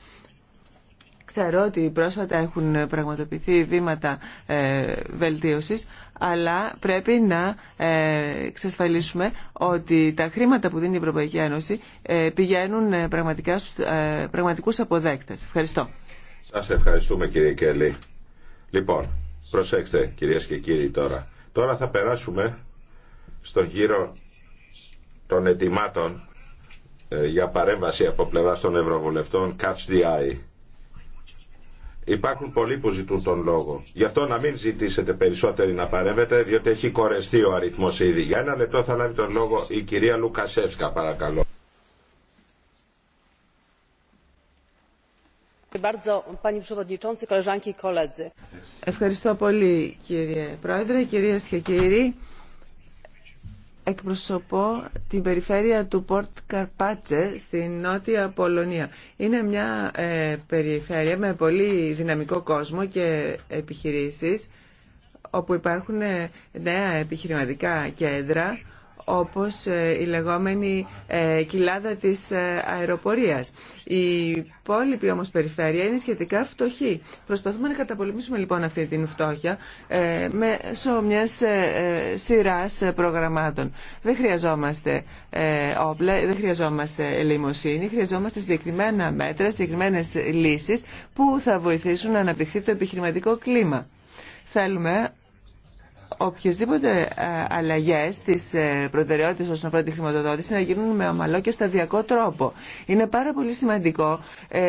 Ξέρω ότι πρόσφατα έχουν πραγματοποιηθεί βήματα ε, βελτίωσης, αλλά πρέπει να ε, εξασφαλίσουμε ότι τα χρήματα που δίνει η Ευρωπαϊκή Ένωση ε, πηγαίνουν πραγματικά στους πραγματικούς αποδέκτες. Ευχαριστώ. Σας ευχαριστούμε κύριε Κέλλη. Λοιπόν, προσέξτε κυρίες και κύριοι τώρα. Τώρα θα περάσουμε στον γύρο των ετοιμάτων για παρέμβαση από πλευράς των Ευρωβουλευτών Catch the Eye. Υπάρχουν πολλοί που ζητούν τον λόγο. Γι' αυτό να μην ζητήσετε περισσότεροι να παρέμβετε, διότι έχει κορεστεί ο αριθμό ήδη. Για ένα λεπτό θα λάβει τον λόγο η κυρία Λουκασεύσκα, παρακαλώ. Ευχαριστώ πολύ κύριε Πρόεδρε, κυρίες και κύριοι εκπροσωπώ την περιφέρεια του Πορτ Καρπάτσε στην Νότια Πολωνία. Είναι μια ε, περιφέρεια με πολύ δυναμικό κόσμο και επιχειρήσεις όπου υπάρχουν ε, νέα επιχειρηματικά κέντρα όπως ε, η λεγόμενη ε, κοιλάδα της ε, αεροπορίας. Η υπόλοιπη όμως περιφέρεια είναι σχετικά φτωχή. Προσπαθούμε να καταπολεμήσουμε λοιπόν αυτή την φτώχεια μέσω μιας σειράς προγραμμάτων. Δεν χρειαζόμαστε όπλα, δεν χρειαζόμαστε ελεημοσύνη, χρειαζόμαστε συγκεκριμένα μέτρα, συγκεκριμένες λύσεις που θα βοηθήσουν να αναπτυχθεί το επιχειρηματικό κλίμα. Θέλουμε οποιασδήποτε ε, αλλαγέ στι ε, προτεραιότητε όσον αφορά τη χρηματοδότηση να γίνουν με ομαλό και σταδιακό τρόπο. Είναι πάρα πολύ σημαντικό ε,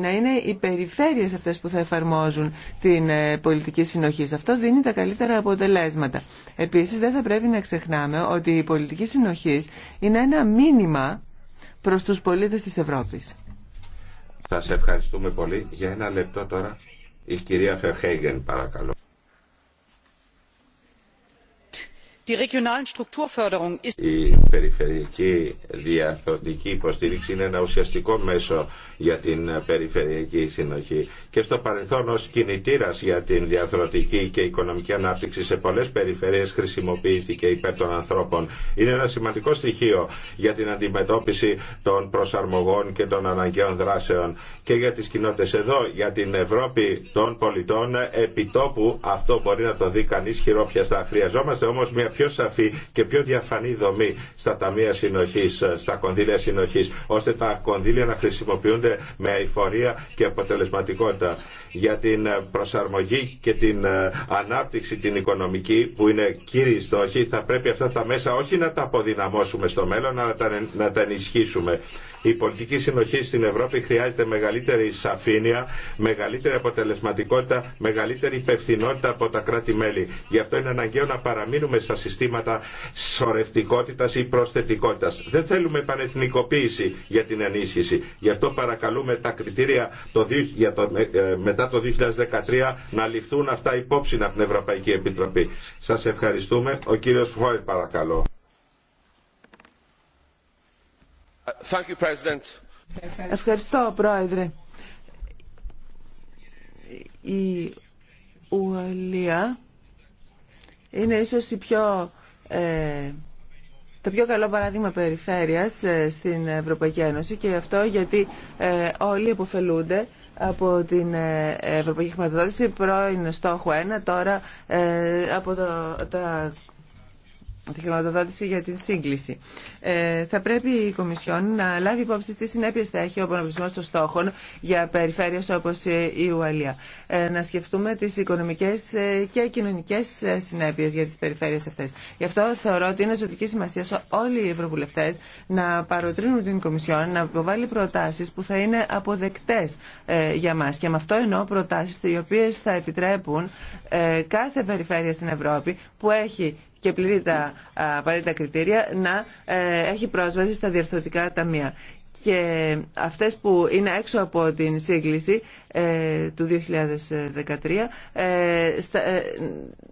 να είναι οι περιφέρειε αυτέ που θα εφαρμόζουν την πολιτική συνοχή. Αυτό δίνει τα καλύτερα αποτελέσματα. Επίση, δεν θα πρέπει να ξεχνάμε ότι η πολιτική συνοχή είναι ένα μήνυμα προ του πολίτε τη Ευρώπη. Σα ευχαριστούμε πολύ. Για ένα λεπτό τώρα η κυρία Φερχέγγεν, παρακαλώ. Η περιφερειακή διαρθρωτική υποστήριξη είναι ένα ουσιαστικό μέσο για την περιφερειακή συνοχή. Και στο παρελθόν ως κινητήρας για την διαθροτική και οικονομική ανάπτυξη σε πολλές περιφερειές χρησιμοποιήθηκε υπέρ των ανθρώπων. Είναι ένα σημαντικό στοιχείο για την αντιμετώπιση των προσαρμογών και των αναγκαίων δράσεων και για τις κοινότητες εδώ, για την Ευρώπη των πολιτών επιτόπου αυτό μπορεί να το δει κανείς χειρόπιαστα. Χρειαζόμαστε όμως μια πιο σαφή και πιο διαφανή δομή στα ταμεία συνοχής, στα κονδύλια συνοχής, ώστε τα κονδύλια να χρησιμοποιούνται με αηφορία και αποτελεσματικότητα για την ε, προσαρμογή και την ε, ανάπτυξη την οικονομική που είναι κύριοι στόχοι θα πρέπει αυτά τα μέσα όχι να τα αποδυναμώσουμε στο μέλλον αλλά να τα ενισχύσουμε. Η πολιτική συνοχή στην Ευρώπη χρειάζεται μεγαλύτερη σαφήνεια, μεγαλύτερη αποτελεσματικότητα, μεγαλύτερη υπευθυνότητα από τα κράτη-μέλη. Γι' αυτό είναι αναγκαίο να παραμείνουμε στα συστήματα σορευτικότητα ή προσθετικότητα. Δεν θέλουμε πανεθνικοποίηση για την ενίσχυση. Γι' αυτό παρακαλούμε τα κριτήρια το, για το, ε, μετά μετά το 2013 να ληφθούν αυτά υπόψη από την Ευρωπαϊκή Επιτροπή. Σας ευχαριστούμε. Ο κύριος Φόερ παρακαλώ. Ευχαριστώ Πρόεδρε. Η Ουαλία είναι ίσως η πιο, ε, το πιο καλό παράδειγμα περιφέρειας ε, στην Ευρωπαϊκή Ένωση και αυτό γιατί ε, όλοι υποφελούνται από την ε, Ευρωπαϊκή Χρηματοδότηση, πρώην στόχο 1, τώρα ε, από το, τα τη χρηματοδότηση για την σύγκληση. Ε, θα πρέπει η Κομισιόν να λάβει υπόψη τι συνέπειε θα έχει ο απονομισμό των στόχων για περιφέρειε όπω η Ουαλία. Ε, να σκεφτούμε τι οικονομικέ ε, και κοινωνικέ ε, συνέπειε για τι περιφέρειε αυτέ. Γι' αυτό θεωρώ ότι είναι ζωτική σημασία όλοι οι Ευρωβουλευτέ να παροτρύνουν την Κομισιόν να υποβάλει προτάσει που θα είναι αποδεκτέ ε, για μα. Και με αυτό εννοώ προτάσει οι οποίε θα επιτρέπουν κάθε περιφέρεια στην Ευρώπη που έχει και πληρεί τα απαραίτητα κριτήρια να ε, έχει πρόσβαση στα διορθωτικά ταμεία. Και αυτές που είναι έξω από την σύγκληση ε, του 2013 ε,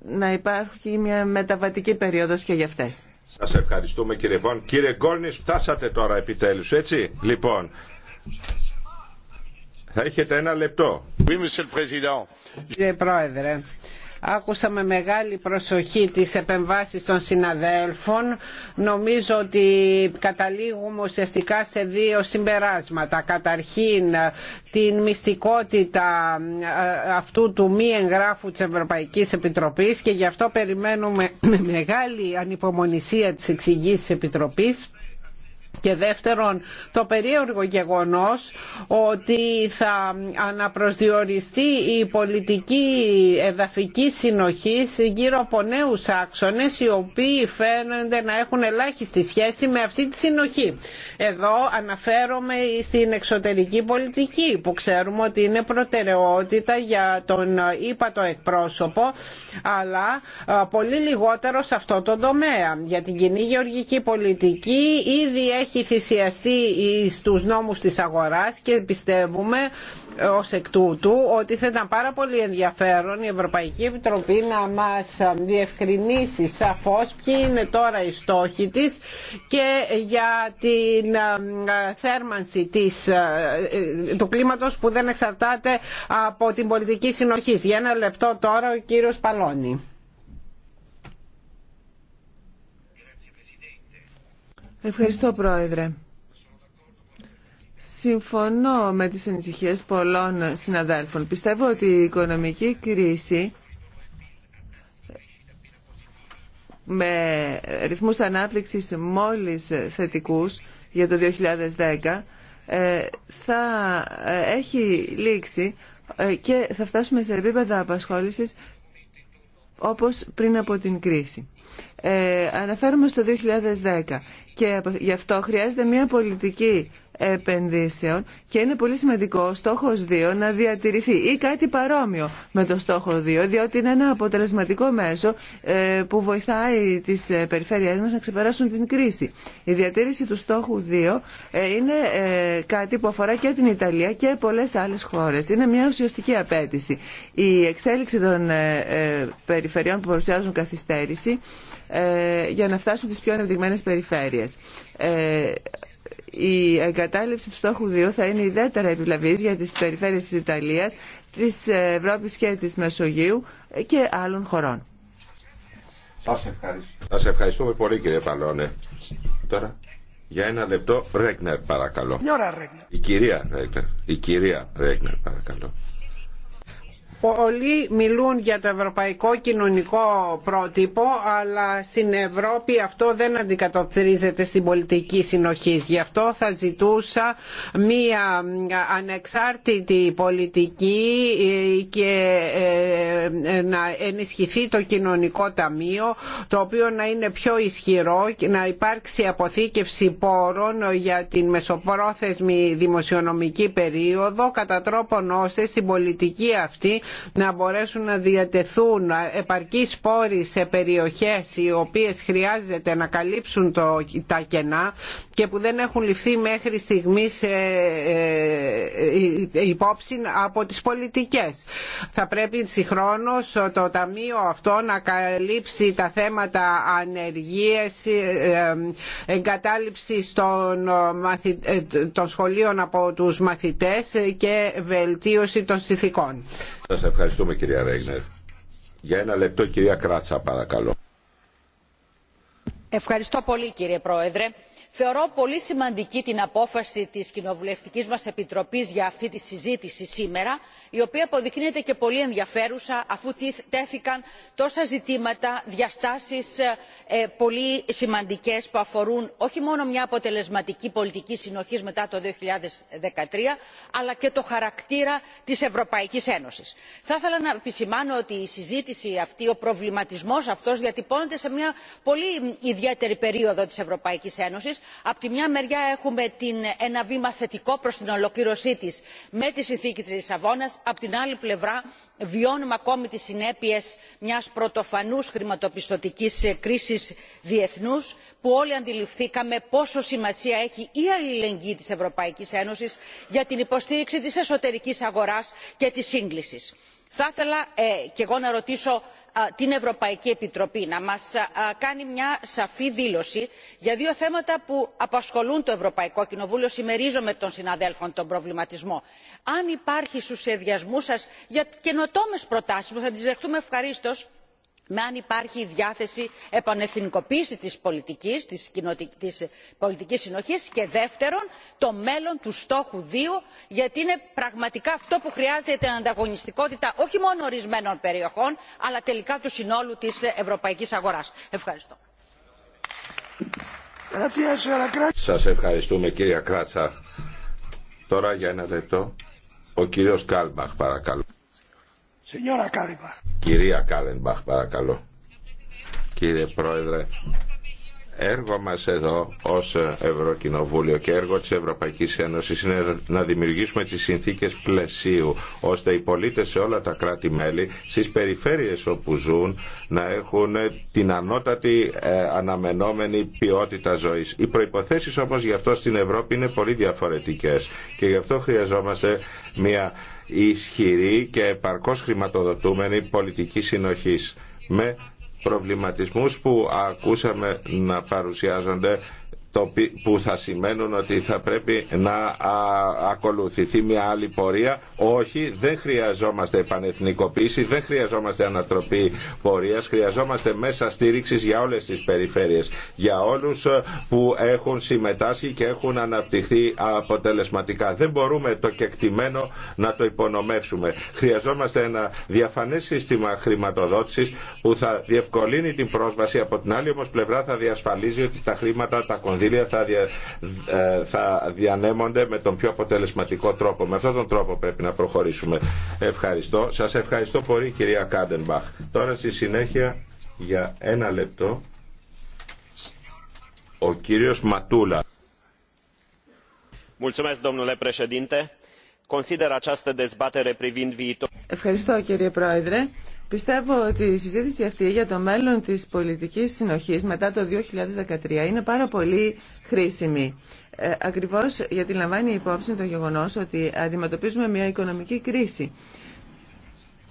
να υπάρχει μια μεταβατική περίοδος και για αυτές. Σας ευχαριστούμε κύριε Βόν. Κύριε Γκόλνης φτάσατε τώρα επιτέλους έτσι. Λοιπόν, θα έχετε ένα λεπτό. Κύριε Πρόεδρε, Άκουσα με μεγάλη προσοχή τις επεμβάσεις των συναδέλφων. Νομίζω ότι καταλήγουμε ουσιαστικά σε δύο συμπεράσματα. Καταρχήν την μυστικότητα ε, αυτού του μη εγγράφου της Ευρωπαϊκής Επιτροπής και γι' αυτό περιμένουμε μεγάλη ανυπομονησία της εξηγής της Επιτροπής και δεύτερον το περίεργο γεγονός ότι θα αναπροσδιοριστεί η πολιτική εδαφική συνοχή γύρω από νέου άξονες οι οποίοι φαίνονται να έχουν ελάχιστη σχέση με αυτή τη συνοχή. Εδώ αναφέρομαι στην εξωτερική πολιτική που ξέρουμε ότι είναι προτεραιότητα για τον ύπατο εκπρόσωπο αλλά πολύ λιγότερο σε αυτό το τομέα. Για την κοινή γεωργική πολιτική ήδη έχει θυσιαστεί στους νόμους της αγοράς και πιστεύουμε ως εκ τούτου ότι θα ήταν πάρα πολύ ενδιαφέρον η Ευρωπαϊκή Επιτροπή να μας διευκρινίσει σαφώς ποιοι είναι τώρα οι στόχοι της και για την ε, θέρμανση της, ε, ε, του κλίματος που δεν εξαρτάται από την πολιτική συνοχή. Για ένα λεπτό τώρα ο κύριος Παλώνη. Ευχαριστώ, Πρόεδρε. Συμφωνώ με τις ανησυχίες πολλών συναδέλφων. Πιστεύω ότι η οικονομική κρίση με ρυθμούς ανάπτυξης μόλις θετικούς για το 2010 ε, θα ε, έχει λήξει ε, και θα φτάσουμε σε επίπεδα απασχόλησης όπως πριν από την κρίση. Ε, αναφέρομαι στο 2010. Και γι' αυτό χρειάζεται μια πολιτική επενδύσεων και είναι πολύ σημαντικό ο στόχος 2 να διατηρηθεί ή κάτι παρόμοιο με το στόχο 2 διότι είναι ένα αποτελεσματικό μέσο ε, που βοηθάει τις ε, περιφέρειές μας να ξεπεράσουν την κρίση. Η διατήρηση του στόχου 2 ε, είναι κάτι που αφορά και την Ιταλία και πολλές άλλες χώρες. Είναι μια ουσιαστική απέτηση. Η εξέλιξη των περιφερειών που παρουσιάζουν καθυστέρηση για να φτάσουν τις πιο ανεπτυγμένες περιφέρειες η εγκατάλειψη του στόχου 2 θα είναι ιδιαίτερα επιβλαβή για τι περιφέρειες τη Ιταλία, τη Ευρώπη και τη Μεσογείου και άλλων χωρών. Σα ευχαριστώ. ευχαριστούμε πολύ κύριε Παλώνε. Τώρα για ένα λεπτό Ρέγνερ παρακαλώ. Η κυρία Ρέγνερ. Η κυρία Ρέγνερ παρακαλώ. Πολλοί μιλούν για το ευρωπαϊκό κοινωνικό πρότυπο, αλλά στην Ευρώπη αυτό δεν αντικατοπτρίζεται στην πολιτική συνοχή. Γι' αυτό θα ζητούσα μία ανεξάρτητη πολιτική ε, και ε, να ενισχυθεί το κοινωνικό ταμείο, το οποίο να είναι πιο ισχυρό και να υπάρξει αποθήκευση πόρων για την μεσοπρόθεσμη δημοσιονομική περίοδο, κατά τρόπον ώστε στην πολιτική αυτή να μπορέσουν να διατεθούν επαρκή σπόροι σε περιοχές οι οποίες χρειάζεται να καλύψουν τα κενά και που δεν έχουν ληφθεί μέχρι στιγμής ε, ε, υπόψη από τις πολιτικές. Θα πρέπει συγχρόνως το Ταμείο αυτό να καλύψει τα θέματα ανεργίας, ε, εγκατάλειψη των, των σχολείων από τους μαθητές και βελτίωση των συνθηκών. Σας ευχαριστούμε κυρία Ρέγνερ. Για ένα λεπτό κυρία Κράτσα παρακαλώ. Ευχαριστώ πολύ κύριε Πρόεδρε θεωρώ πολύ σημαντική την απόφαση της κοινοβουλευτικής μας επιτροπής για αυτή τη συζήτηση σήμερα η οποία αποδεικνύεται και πολύ ενδιαφέρουσα αφού τέθηκαν τόσα ζητήματα διαστάσεις ε, ε, πολύ σημαντικές που αφορούν όχι μόνο μια αποτελεσματική πολιτική συνοχής μετά το 2013 αλλά και το χαρακτήρα της Ευρωπαϊκής Ένωσης. Θα ήθελα να επισημάνω ότι η συζήτηση αυτή, ο προβληματισμός αυτός διατυπώνεται σε μια πολύ ιδιαίτερη περίοδο της Ευρωπαϊκής Ένωσης από τη μια μεριά έχουμε ένα βήμα θετικό προ την ολοκλήρωσή τη με τη συνθήκη τη λισαβόνα από την άλλη πλευρά βιώνουμε ακόμη τι συνέπειε μια πρωτοφανού χρηματοπιστωτική κρίση διεθνού που όλοι αντιληφθήκαμε πόσο σημασία έχει η αλληλεγγύη τη ευρωπαϊκή ένωση για την υποστήριξη της εσωτερική αγορά και τη σύγκληση. θα ήθελα ε, και εγώ να ρωτήσω ε, την ευρωπαϊκή επιτροπή να μας ε, κάνει μια σαφή δήλωση για δύο θέματα που απασχολούν το ευρωπαϊκό κοινοβούλιο. συμμερίζομαι με τον συναδέλφον τον προβληματισμό. αν υπάρχει στους σχεδιασμούς σας για καινοτόμες προτάσεις που θα τις δεχτούμε ευχαρίστως με αν υπάρχει η διάθεση επανεθνικοποίησης της πολιτικής της συνοχής και δεύτερον το μέλλον του στόχου 2 γιατί είναι πραγματικά αυτό που χρειάζεται την ανταγωνιστικότητα όχι μόνο ορισμένων περιοχών αλλά τελικά του συνόλου της ευρωπαϊκής αγοράς. Ευχαριστώ. Σας ευχαριστούμε κύριε Κράτσα. Τώρα για ένα λεπτό ο κύριος Κάλμαχ παρακαλώ. Κυρία Κάλενμπαχ, παρακαλώ. Κύριε Πρόεδρε, έργο μας εδώ ως Ευρωκοινοβούλιο και έργο της Ευρωπαϊκή Ένωσης είναι να δημιουργήσουμε τις συνθήκες πλαισίου ώστε οι πολίτες σε όλα τα κράτη-μέλη στις περιφέρειες όπου ζουν να έχουν την ανώτατη ε, αναμενόμενη ποιότητα ζωής. Οι προϋποθέσεις όμως γι' αυτό στην Ευρώπη είναι πολύ διαφορετικές και γι' αυτό χρειαζόμαστε μια ισχυρή και επαρκώς χρηματοδοτούμενη πολιτική συνοχής με προβληματισμούς που ακούσαμε να παρουσιάζονται που θα σημαίνουν ότι θα πρέπει να ακολουθηθεί μια άλλη πορεία. Όχι, δεν χρειαζόμαστε επανεθνικοποίηση, δεν χρειαζόμαστε ανατροπή πορείας, χρειαζόμαστε μέσα στήριξης για όλες τις περιφέρειες, για όλους ε, που έχουν συμμετάσχει και έχουν αναπτυχθεί αποτελεσματικά. Δεν μπορούμε το κεκτημένο να το υπονομεύσουμε. Χρειαζόμαστε ένα διαφανέ σύστημα χρηματοδότησης που θα διευκολύνει την πρόσβαση, από την άλλη όμως πλευρά θα διασφαλίζει ότι τα χρήματα, τα κονδύλια κονδύλια θα, ε, θα διανέμονται με τον πιο αποτελεσματικό τρόπο. Με αυτόν τον τρόπο πρέπει να προχωρήσουμε. Ευχαριστώ. Σας ευχαριστώ πολύ κυρία Κάντενμπαχ. Τώρα στη συνέχεια για ένα λεπτό ο κύριος Ματούλα. Ευχαριστώ κύριε Πρόεδρε. Πιστεύω ότι η συζήτηση αυτή για το μέλλον της πολιτικής συνοχής μετά το 2013 είναι πάρα πολύ χρήσιμη. Ε, ακριβώς γιατί λαμβάνει υπόψη το γεγονός ότι αντιμετωπίζουμε μια οικονομική κρίση.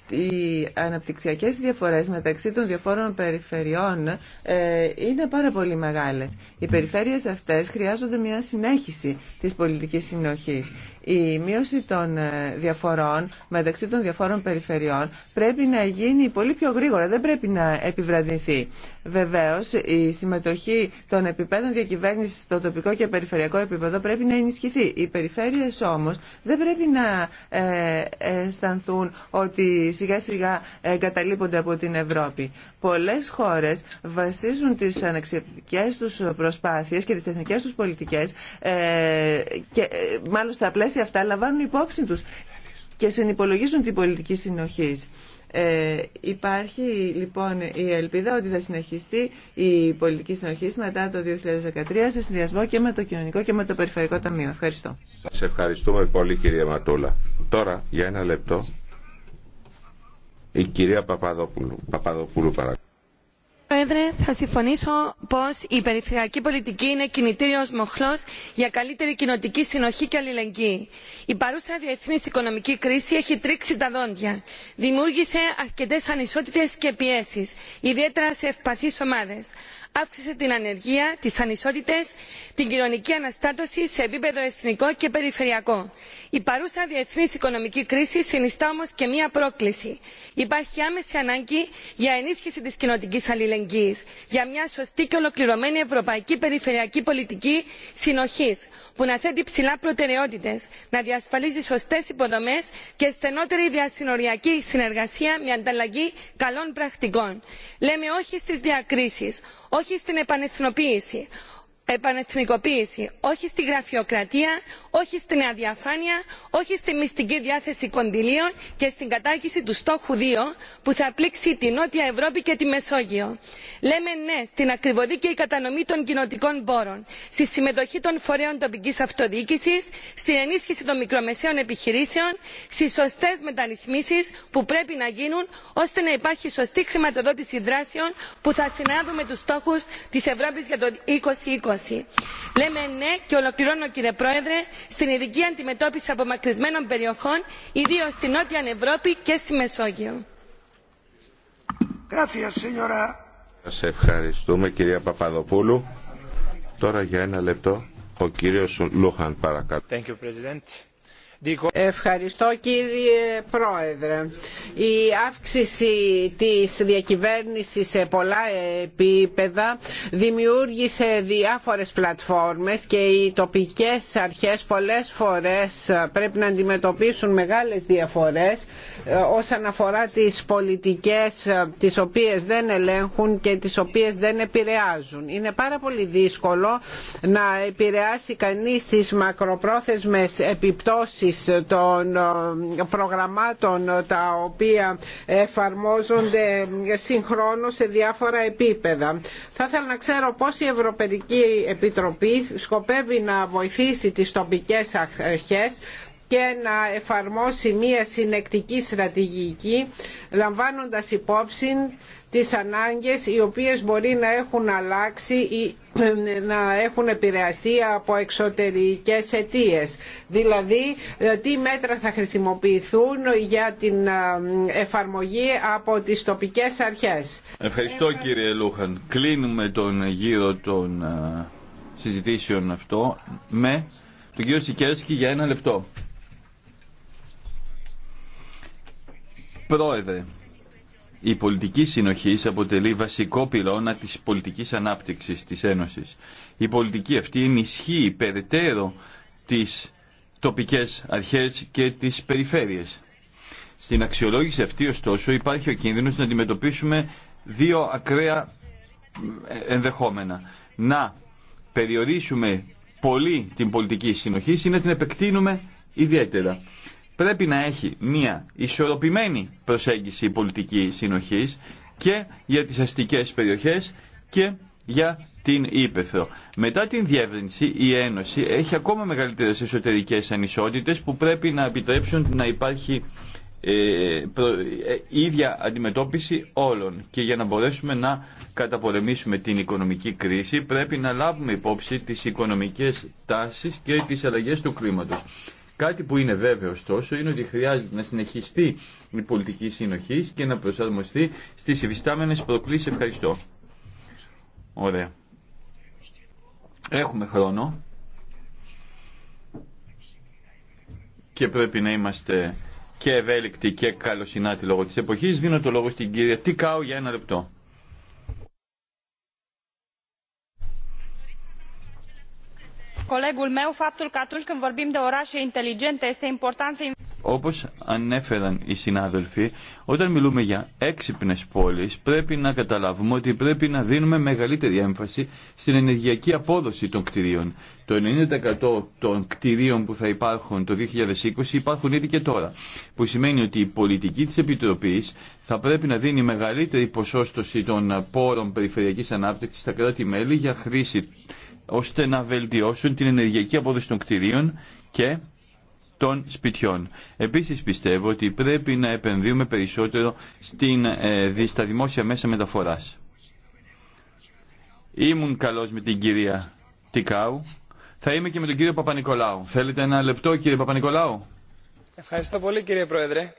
Οι αναπτυξιακές διαφορές μεταξύ των διαφόρων περιφερειών ε, είναι πάρα πολύ μεγάλες. Οι περιφέρειες αυτές χρειάζονται μια συνέχιση της πολιτικής συνοχής. Η μείωση των ε, διαφορών μεταξύ των διαφόρων περιφερειών πρέπει να γίνει πολύ πιο γρήγορα, δεν πρέπει να επιβραδυνθεί. Βεβαίω, η συμμετοχή των επιπέδων διακυβέρνηση στο τοπικό και περιφερειακό επίπεδο πρέπει να ενισχυθεί. Οι περιφέρειε όμω δεν πρέπει να ε, αισθανθούν ότι σιγά σιγά εγκαταλείπονται από την Ευρώπη. Πολλέ χώρε βασίζουν τι αναξιοπτικέ του προσπάθειε και τι εθνικέ του πολιτικέ ε, και μάλλον στα πλαίσια πλαίσια αυτά λαμβάνουν υπόψη τους και συνυπολογίζουν την πολιτική συνοχής. Ε, υπάρχει λοιπόν η ελπίδα ότι θα συνεχιστεί η πολιτική συνοχή μετά το 2013 σε συνδυασμό και με το κοινωνικό και με το περιφερειακό ταμείο. Ευχαριστώ. Σας ευχαριστούμε πολύ κυρία Ματούλα. Τώρα για ένα λεπτό η κυρία Παπαδοπούλου, Παπαδοπούλου Πρόεδρε, θα συμφωνήσω πως η περιφερειακή πολιτική είναι κινητήριος μοχλός για καλύτερη κοινοτική συνοχή και αλληλεγγύη. Η παρούσα διεθνής οικονομική κρίση έχει τρίξει τα δόντια. Δημιούργησε αρκετές ανισότητες και πιέσεις, ιδιαίτερα σε ευπαθείς ομάδες αύξησε την ανεργία τι ανισότητε την κοινωνική αναστάτωση σε επίπεδο εθνικό και περιφερειακό. η παρούσα διεθνή οικονομική κρίση συνιστά όμω και μια πρόκληση υπάρχει άμεση ανάγκη για ενίσχυση τη κοινωνική αλληλεγγύη για μια σωστή και ολοκληρωμένη ευρωπαϊκή περιφερειακή πολιτική συνοχή που να θέτει ψηλά προτεραιότητε να διασφαλίζει σωστέ υποδομέ και στενότερη διασυνοριακή συνεργασία με ανταλλαγή καλών πρακτικών. λέμε όχι στι διακρίσει όχι στην επανεθνοποίηση επανεθνικοποίηση όχι στη γραφειοκρατία όχι στην αδιαφάνεια όχι στη μυστική διάθεση κονδυλίων και στην κατάργηση του στόχου 2 που θα πλήξει τη νότια ευρώπη και τη μεσόγειο. λέμε ναι στην ακριβοδίκαιη κατανομή των κοινοτικών πόρων στη συμμετοχή των φορέων τοπικής αυτοδιοίκησης στην ενίσχυση των μικρομεσαίων επιχειρήσεων στις σωστές μεταρρυθμίσεις που πρέπει να γίνουν ώστε να υπάρχει σωστή χρηματοδότηση δράσεων που θα συνάδουν με στόχους της για το 2020 Λέμε ναι και ολοκληρώνω κύριε Πρόεδρε στην ειδική αντιμετώπιση απομακρυσμένων περιοχών, ιδίω στην Νότια Ευρώπη και στη Μεσόγειο. Σας ευχαριστούμε κυρία Παπαδοπούλου. Τώρα για ένα λεπτό ο κύριος Λούχαν παρακάτω Thank you, President. Ευχαριστώ κύριε Πρόεδρε. Η αύξηση της διακυβέρνησης σε πολλά επίπεδα δημιούργησε διάφορες πλατφόρμες και οι τοπικές αρχές πολλές φορές πρέπει να αντιμετωπίσουν μεγάλες διαφορές ε, όσον αφορά τις πολιτικές ε, τις οποίες δεν ελέγχουν και τις οποίες δεν επηρεάζουν. Είναι πάρα πολύ δύσκολο να επηρεάσει κανείς τις μακροπρόθεσμες επιπτώσεις των ε, προγραμμάτων τα οποία εφαρμόζονται συγχρόνως σε διάφορα επίπεδα. Θα ήθελα να ξέρω πώς η Ευρωπαϊκή Επιτροπή σκοπεύει να βοηθήσει τις τοπικές αρχές και να εφαρμόσει μία συνεκτική στρατηγική λαμβάνοντας υπόψη τις ανάγκες οι οποίες μπορεί να έχουν αλλάξει ή [clears throat] να έχουν επηρεαστεί από εξωτερικές αιτίες. Δηλαδή ε, τι μέτρα θα χρησιμοποιηθούν για την ε, εφαρμογή από τις τοπικές αρχές. Ευχαριστώ κύριε Λούχαν. Κλείνουμε τον γύρο των ε, συζητήσεων αυτό με τον κύριο Σικέρσκι για ένα λεπτό. Πρόεδρε, η πολιτική συνοχή αποτελεί βασικό πυλώνα της πολιτικής ανάπτυξης της Ένωσης. Η πολιτική αυτή ενισχύει περαιτέρω τις τοπικές αρχές και τις περιφέρειες. Στην αξιολόγηση αυτή, ωστόσο, υπάρχει ο κίνδυνος να αντιμετωπίσουμε δύο ακραία ε, ενδεχόμενα. Να περιορίσουμε πολύ την πολιτική συνοχή ή να την επεκτείνουμε ιδιαίτερα πρέπει να έχει μια ισορροπημένη προσέγγιση πολιτική συνοχής και για τις αστικές περιοχές και για την Ήπεθρο. Μετά την διεύρυνση, η Ένωση έχει ακόμα μεγαλύτερες εσωτερικές ανισότητες που πρέπει να επιτρέψουν να υπάρχει ε, ε, ίδια αντιμετώπιση όλων και για να μπορέσουμε να καταπολεμήσουμε την οικονομική κρίση πρέπει να λάβουμε υπόψη τις οικονομικές τάσεις και τις αλλαγές του κλίματος. Κάτι που είναι βέβαιο ωστόσο είναι ότι χρειάζεται να συνεχιστεί η πολιτική συνοχή και να προσαρμοστεί στι υφιστάμενε προκλήσει. Ευχαριστώ. Ωραία. Έχουμε χρόνο και πρέπει να είμαστε και ευέλικτοι και καλοσυνάτοι λόγω της εποχής. Δίνω το λόγο στην κυρία Τικάου για ένα λεπτό. colegul meu faptul că atunci când vorbim de orașe inteligente este important să όπως ανέφεραν οι συνάδελφοι, όταν μιλούμε για έξυπνες πόλεις πρέπει να καταλάβουμε ότι πρέπει να δίνουμε μεγαλύτερη έμφαση στην ενεργειακή απόδοση των κτηρίων. Το 90% των κτηρίων που θα υπάρχουν το 2020 υπάρχουν ήδη και τώρα, που σημαίνει ότι η πολιτική της Επιτροπής θα πρέπει να δίνει μεγαλύτερη ποσόστοση των πόρων περιφερειακής ανάπτυξης στα κράτη-μέλη για χρήση ώστε να βελτιώσουν την ενεργειακή απόδοση των κτηρίων και των σπιτιών. Επίσης πιστεύω ότι πρέπει να επενδύουμε περισσότερο στην, ε, στα δημόσια μέσα μεταφοράς. Ήμουν καλός με την κυρία Τικάου. Θα είμαι και με τον κύριο Παπα-Νικολάου. Θέλετε ένα λεπτό κύριε Παπα-Νικολάου. Ευχαριστώ πολύ κύριε Πρόεδρε.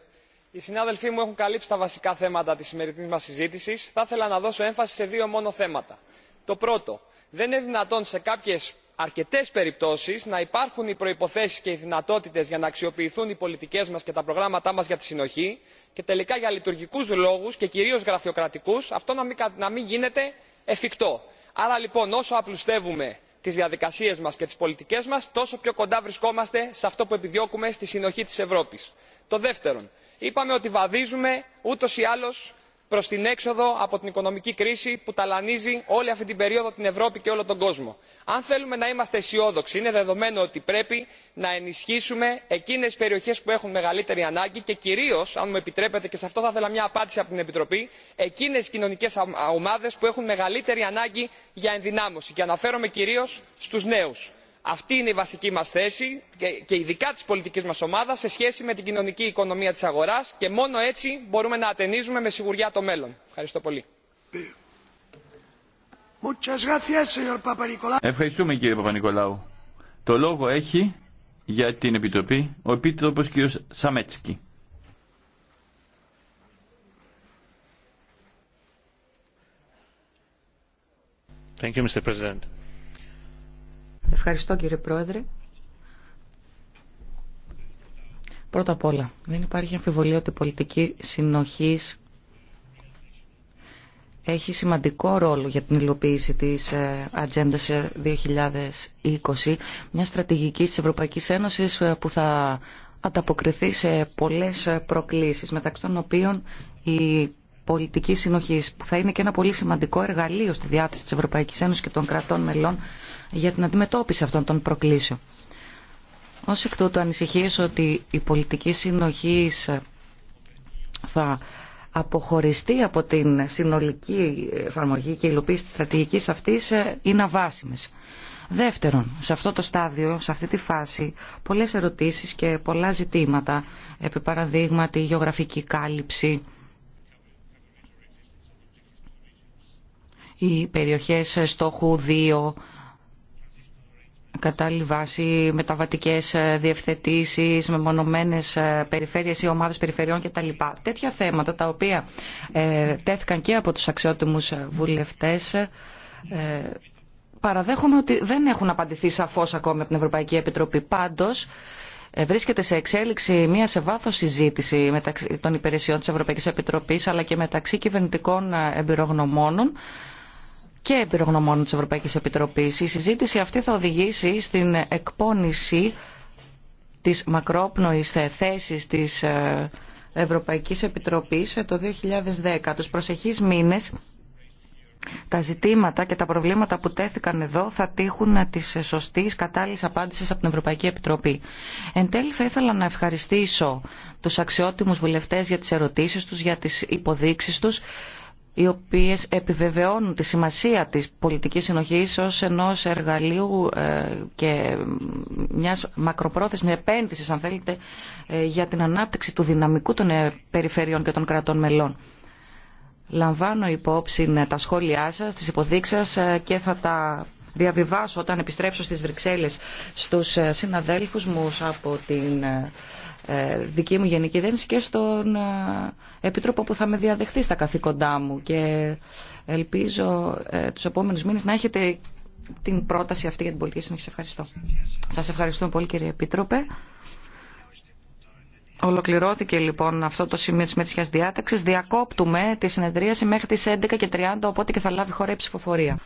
Οι συνάδελφοί μου έχουν καλύψει τα βασικά θέματα της σημερινής μας συζήτησης. Θα ήθελα να δώσω έμφαση σε δύο μόνο θέματα. Το πρώτο, δεν είναι δυνατόν σε κάποιες αρκετές περιπτώσεις να υπάρχουν οι προϋποθέσεις και οι δυνατότητες για να αξιοποιηθούν οι πολιτικές μας και τα προγράμματά μας για τη συνοχή και τελικά για λειτουργικούς λόγους και κυρίως γραφειοκρατικούς αυτό να μην γίνεται εφικτό. άρα λοιπόν όσο απλουστεύουμε τις διαδικασίες μας και τις πολιτικές μας τόσο πιο κοντά βρισκόμαστε σε αυτό που επιδιώκουμε στη συνοχή της ευρώπης. το δεύτερον είπαμε ότι βαδίζουμε ούτως ή άλλως προ την έξοδο από την οικονομική κρίση που ταλανίζει όλη αυτή την περίοδο την ευρώπη και όλο τον κόσμο. αν θέλουμε να είμαστε αισιόδοξοι είναι δεδομένο ότι πρέπει να ενισχύσουμε εκείνε τι περιοχέ που έχουν μεγαλύτερη ανάγκη και κυρίω αν μου επιτρέπετε και σε αυτό θα ήθελα μια απάντηση από την επιτροπή εκείνε τι κοινωνικέ ομάδε που έχουν μεγαλύτερη ανάγκη για ενδυνάμωση και αναφέρομαι κυρίω στου νέου αυτή είναι η βασική μας θέση και ειδικά της πολιτικής μας ομάδα σε σχέση με την κοινωνική οικονομία της αγοράς και μόνο έτσι μπορούμε να ατενίζουμε με σιγουριά το μέλλον. ευχαριστώ πολύ. Ευχαριστούμε κύριε Παπα-Νικολάου. Το λόγο έχει για την Επιτροπή ο Επίτροπος κύριο Σαμέτσκι. Ευχαριστώ κύριε Πρόεδρε. Πρώτα απ' όλα, δεν υπάρχει αμφιβολία ότι η πολιτική συνοχής έχει σημαντικό ρόλο για την υλοποίηση της ε, Ατζέντα 2020, μια στρατηγική της Ευρωπαϊκής Ένωσης ε, που θα ανταποκριθεί σε πολλές ε, προκλήσεις, μεταξύ των οποίων η πολιτική συνοχής, που θα είναι και ένα πολύ σημαντικό εργαλείο στη διάθεση της Ευρωπαϊκής Ένωσης και των κρατών μελών για την αντιμετώπιση αυτών των προκλήσεων. Ως εκ τούτου ανησυχίε ότι η πολιτική συνοχή ε, θα αποχωριστεί από την συνολική εφαρμογή και υλοποίηση της στρατηγικής αυτής είναι αβάσιμες. Δεύτερον, σε αυτό το στάδιο, σε αυτή τη φάση, πολλές ερωτήσεις και πολλά ζητήματα, επί παραδείγματι γεωγραφική κάλυψη, οι περιοχές στόχου 2, κατάλληλη βάση, μεταβατικές ε, διευθετήσει με μονομένες ε, περιφέρειες ή ομάδες περιφερειών κτλ. Τέτοια θέματα τα οποία ε, τέθηκαν και από τους αξιότιμους βουλευτές παραδέχομαι ότι δεν έχουν απαντηθεί σαφώς ακόμη από την Ευρωπαϊκή Επιτροπή. Πάντως, βρίσκεται σε εξέλιξη μια σε βάθος συζήτηση μεταξύ των υπηρεσιών της Ευρωπαϊκής Επιτροπής αλλά και μεταξύ κυβερνητικών εμπειρογνωμόνων και εμπειρογνωμόνων της Ευρωπαϊκής Επιτροπής. Η συζήτηση αυτή θα οδηγήσει στην εκπόνηση της μακρόπνοης θέσης της ε, Ευρωπαϊκής Επιτροπής το 2010. Τους προσεχείς μήνες τα ζητήματα και τα προβλήματα που τέθηκαν εδώ θα τύχουν τη σωστή κατάλληλη απάντηση από την Ευρωπαϊκή Επιτροπή. Εν τέλει, θα ήθελα να ευχαριστήσω του αξιότιμου βουλευτέ για τι ερωτήσει του, για τι υποδείξει του οι οποίες επιβεβαιώνουν τη σημασία της πολιτικής συνοχής ως ενός εργαλείου ε, και μιας μακροπρόθεσμης επένδυσης, αν θέλετε, ε, για την ανάπτυξη του δυναμικού των ε, περιφερειών και των κρατών μελών. Λαμβάνω υπόψη τα σχόλιά σας, τις υποδείξεις σας και θα τα διαβιβάσω όταν επιστρέψω στις Βρυξέλλες στους συναδέλφους μου από την ε, δική μου γενική δένση και στον ε, Επίτροπο που θα με διαδεχθεί στα καθήκοντά μου και ελπίζω ε, τους επόμενους μήνες να έχετε την πρόταση αυτή για την πολιτική Σας Ευχαριστώ. Σας ευχαριστώ πολύ κύριε Επίτροπε. Ολοκληρώθηκε λοιπόν αυτό το σημείο της μετρησιάς διάταξης. Διακόπτουμε τη συνεδρίαση μέχρι τις 11.30 οπότε και θα λάβει χώρα η ψηφοφορία.